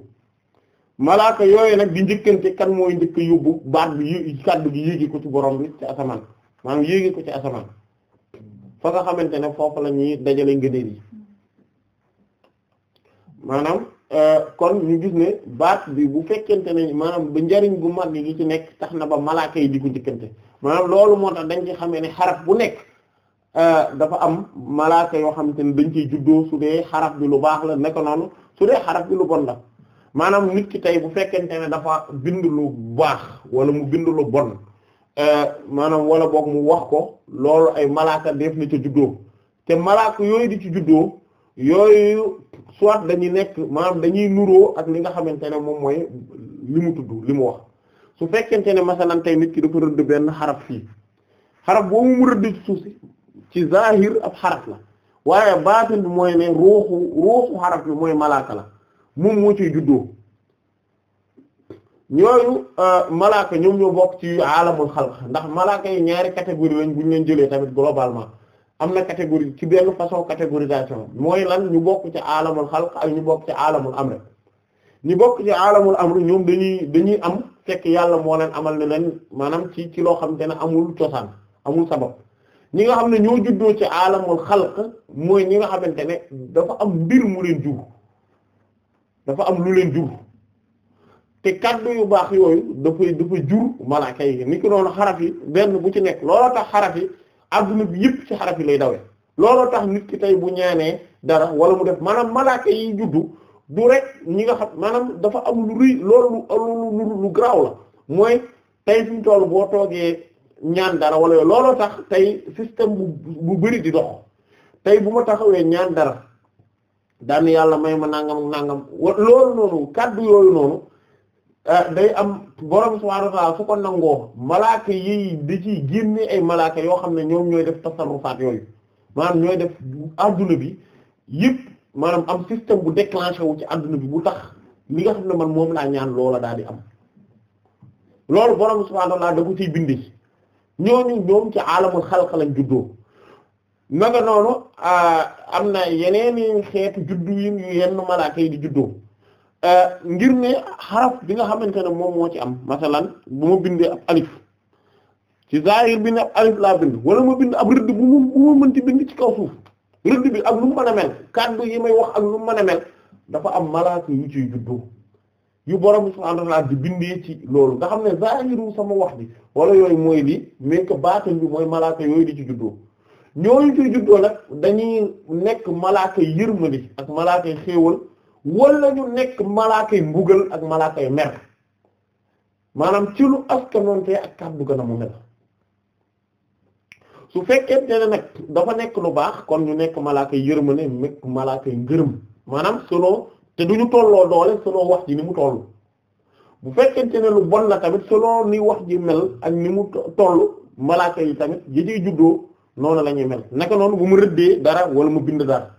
malaaka yooyu nag di njëkkante kan mooy njëkk yóbbu baat bi kàddu gi yéegi ko ci borom bi ci asamaan maanaam yéegi ko ci asamaan fa nga xamante ne foofu la ñuy dajale ngëneel yi maanaam euh, kon ñu gis ne baat bi bu fekkente ne maanaam ba njariñ gu mag gi ci nekk tax na ba malaaka yi di ko njëkkante maanaam loolu moo tax dañ ci xamee ni xarab bu nekk euh, dafa am malaaka yoo xamante ne dañ ciy juddoo su dee xaraf bi lu baax la naka noonu su dee xaraf bi lu bon la maanaam nit ki tey bu fekkente ne dafa bind lu baax wala mu bind lu bon euh, maanaam wala boog mu wax ko loolu ay malaaka def na ca juddoo te malaaka yooyu di ci juddoo yooyu soit dañuy nekk maanaam dañuy nuroo ak li nga xamante ne moom mooy li mu tudd li mu wax su fekkente ne masalan tey nit ki dafa rëdd benn xarab fii xarab boobu mu rëdd ci suuf si ci zahir ab xaraf la waaye baatin bi mooy ne ruuxu ruuxu xaraf bi mooy malaaka la moom moo ciy juddoo ñooñu euh, malaaka ñoom ñoo bokk ci alamul xalq ndax malaaka yi ñaari catégorie lañ bu ñu leen jëlee tamit globalement am na catégorie ci benn façon catégorisation mooy lan ñu bokk ci alamul xalq ak ñu bokk ci alamul amr ñu bokk ci alamul amr ñoom dañuy dañuy am fekk yàlla moo leen amal ne leen maanaam ci ci loo xamante ne amul cosaan amul sabab ñi nga xam ne ñoo juddoo ci alamul xalq mooy ñi nga xamante ne dafa am mbir mu leen jur dafa am lu leen jur te kaddu yu baax yooyu dafay dafa jur malaaka yi ni ko noonu xaraf yi benn bu ci nekk looloo tax xarab yi adduna bi yëpp ci xaraf yi lay dawee looloo tax nit ki tey bu ñaanee dara wala mu def maanaam malaaka yi juddu du rek ñi nga xam maanaam dafa am lu rëy loolu lu lu lu garaaw la mooy tey suñu tool boo toogee ñaan dara wala looloo tax tey système bu bu bari di dox tey bu ma taxawee ñaan dara. daan yàlla may ma nàngam nangam loolu noonu kàddu yooyu noonu ah, day am borom subhaanahu wa su ko nangoo malaaka yi di ci génne ay malaaka yoo xam ne ñoom ñooy def tasarrufaat yooyu maanaam ñooy def adduna bi yëpp maanaam am système bu déclenché wu ci àdduna bi bu tax li nga xam ne man moom laa ñaan loola daal di am loolu borom subhaanahu wa ta'aala da ko ciy bindi ñooñu ñoom ci alamul xalq lañ juddoo. naka noonu ah, am na yeneen xeetu juddu yi yu yenn malaaka yi di juddoo ah, ngir ne xaraf bi nga xamante ne moom moo ci am masalan bu ma bindee ab alif bi ne ab bind wala ma bind ab rëdd bu mu bu ma mënti bind ci kaw suuf rëdd bi ak lu mu mën a mel yi may wax ak lu mu mën mel dafa am malaaka yu ciy juddoo yu borom subhaanahu wa ta'aala di bindee ci loolu nga xam ne zahiru sama wax bi wala yooyu mooy lii mais que baatin bi mooy malaaka yooyu di ci juddoo ñooñu ciy juddoo nag dañuy nekk malaakay yërmandi ak malaakay xéewal wala ñu nekk malaakay mbugal ak malaakay mer maanaam ci lu askanontee ak kàddu gën a mel su fekkente ne nag dafa nekk lu baax kon ñu nekk malaakay yërmande nekk malaakay ngërëm maanaam selon te du ñu tolloo doole selon wax ji ni mu toll bu fekkente ne lu bon la tamit selon ni wax ji mel ak ni mu toll malaaka yi tamit yi juddoo noonu lañuy mel naka noonu bu mu rëddee dara wala mu bind dara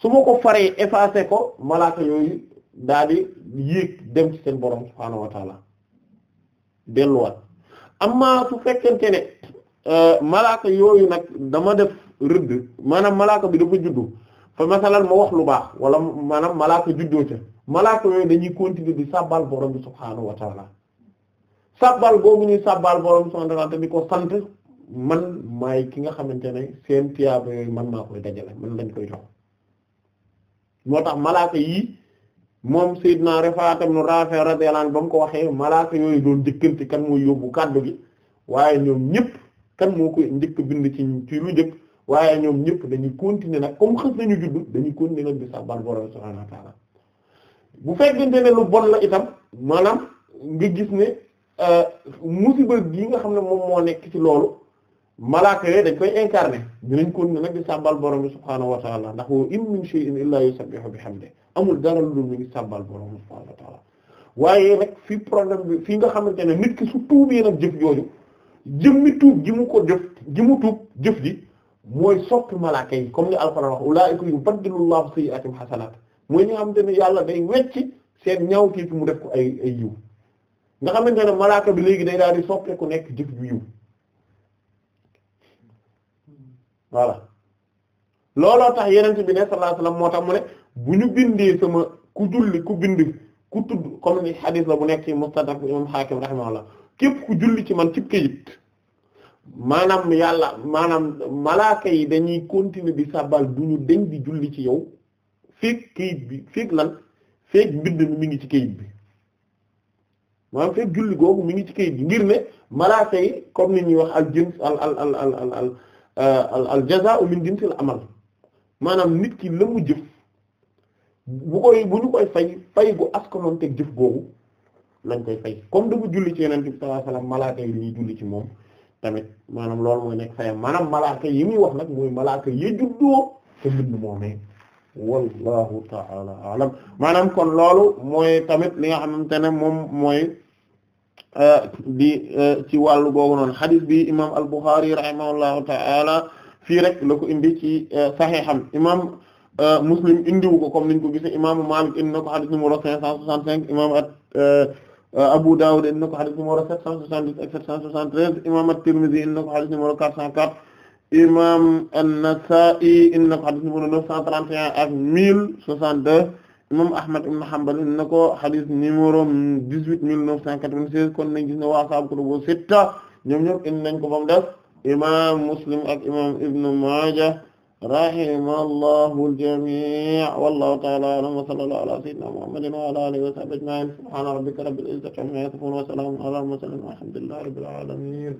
su ma ko faree effacé ko malaaka yooyu daal di yéeg dem ci seen borom subhaanahu wa taala delluwaat ma su fekkente ne euh, malaaka yooyu nag dama def rëdd maanaam malaaka bi dafa juddu fa masalan ma wax lu baax wala maanaam malaaka juddoo ca malaaka yooyu dañuy continuer di sabbal borom bi subhaanahu wa taala sabbal boobu ñuy sabbal borom subhaanahu wa te di ko sant man maay ki nga xamante ne seen tiyaaba yooyu man maa koy dajale man lañ koy jox moo tax malaaka yii moom Seydina Rifaatam nu Raafi radiyallahu anhu ba mu ko waxee malaaka yooyu doon jëkkante kan mooy yóbbu kàddu gi waaye ñoom ñëpp kan moo koy njëkk bind ci ci lu njëkk waaye ñoom ñëpp dañuy continuer nag comme xës nañu juddu dañuy continuer nag di sabbal Boroom subhaanahu wa ta'aala bu fekkente ne lu la itam maanaam nga gis ne euh, musiba gi nga xam ne moom moo nekk ci loolu malaaka yooyu dañ koy incarné dinañ ko nag di sàbbal borom bi subhaanahu wa ta'ala ndax wa in min shay'in illa yusabbihu bihamdihi amul dara lu dul mi ngi sàbbal borom bi subhaanahu wa ta'ala waaye nag fi problème bi fii nga xamante ne nit ki su tuubee nag jëf jooju jëmmi tuub ji ko jëf ji tuub jëf ji mooy soppi malaaka yi comme ni alxuraan wax ulaa'ika yubaddilu llaahu sayyi'aatihim hasanaat mooy ñi am xamante ne yàlla day wecci seen ñaawteef mu def ko ay ay yiw nga xamante ne malaaka bi léegi day daal di soppeeku nekk jëf ju voilà looloo tax yenent bi ne sallallahu moo tax mu ne bu ñu bindee sama ku julli ku bind ku tudd comme ni hadith la bu nekk ci mustadrak bu imam Hakim rahimahullah képp ku julli ci man ci kayit maanaam yàlla maanaam malaaka yi dañuy continuer di sabbal du ñu di julli ci yow feek kayit bi feek lan feek mbind mi ngi ci kayit bi maanaam feek julli googu mi ngi ci kayit bi ngir ne malaaka yi comme ni ñuy wax al jins al al al Euh, al jazaa'u min maanaam nit ki la bu koy bu ñu koy fay fay gu askanoon teg jëf googu julli ci yeneen bi ñuy julli ci moom tamit maanaam loolu maanaam malaaka yi muy wax nag mooy malaaka yi juddoo te mbind alam maanaam kon loolu mooy tamit li nga xamante ne moom mooy Euh, di euh, ci wàllu googu noonu xadis bi imam al-Bukhari rahimahullahu ta'ala fii rek la ko indi ci euh, saxiixam imam Muslim indiwu ko comme niñ ko gisee imam Malik indi na ko xadis numéro 565 imam at Abu Dawud indi na ko xadis numéro 770 ak 773 imam at-Tirmidhi indi na ko xadis numéro 404 imam an-Nasa'i indi na ko xadis numéro 931 ak 1062 imam Ahmad ibn Hanbal na ko xadis numéro dix-huit mille neuf cent quatre-vingt-seize kon nañ gis ne waa ashaabu kutubu sitta ñoom ñëpp indi nañ ko ba mu def imam Muslim ak imam Ibn Maaja rahimallahu al-jamii' wallahu ta'ala a'lam wa sallallahu ala sayyidina Muhammadin wa ala alihi wa sahbihi ajma'in subhana rabbika rabbil izzati amma yasifun wa salamun ala al-mursalin walhamdulillahi rabbil alamin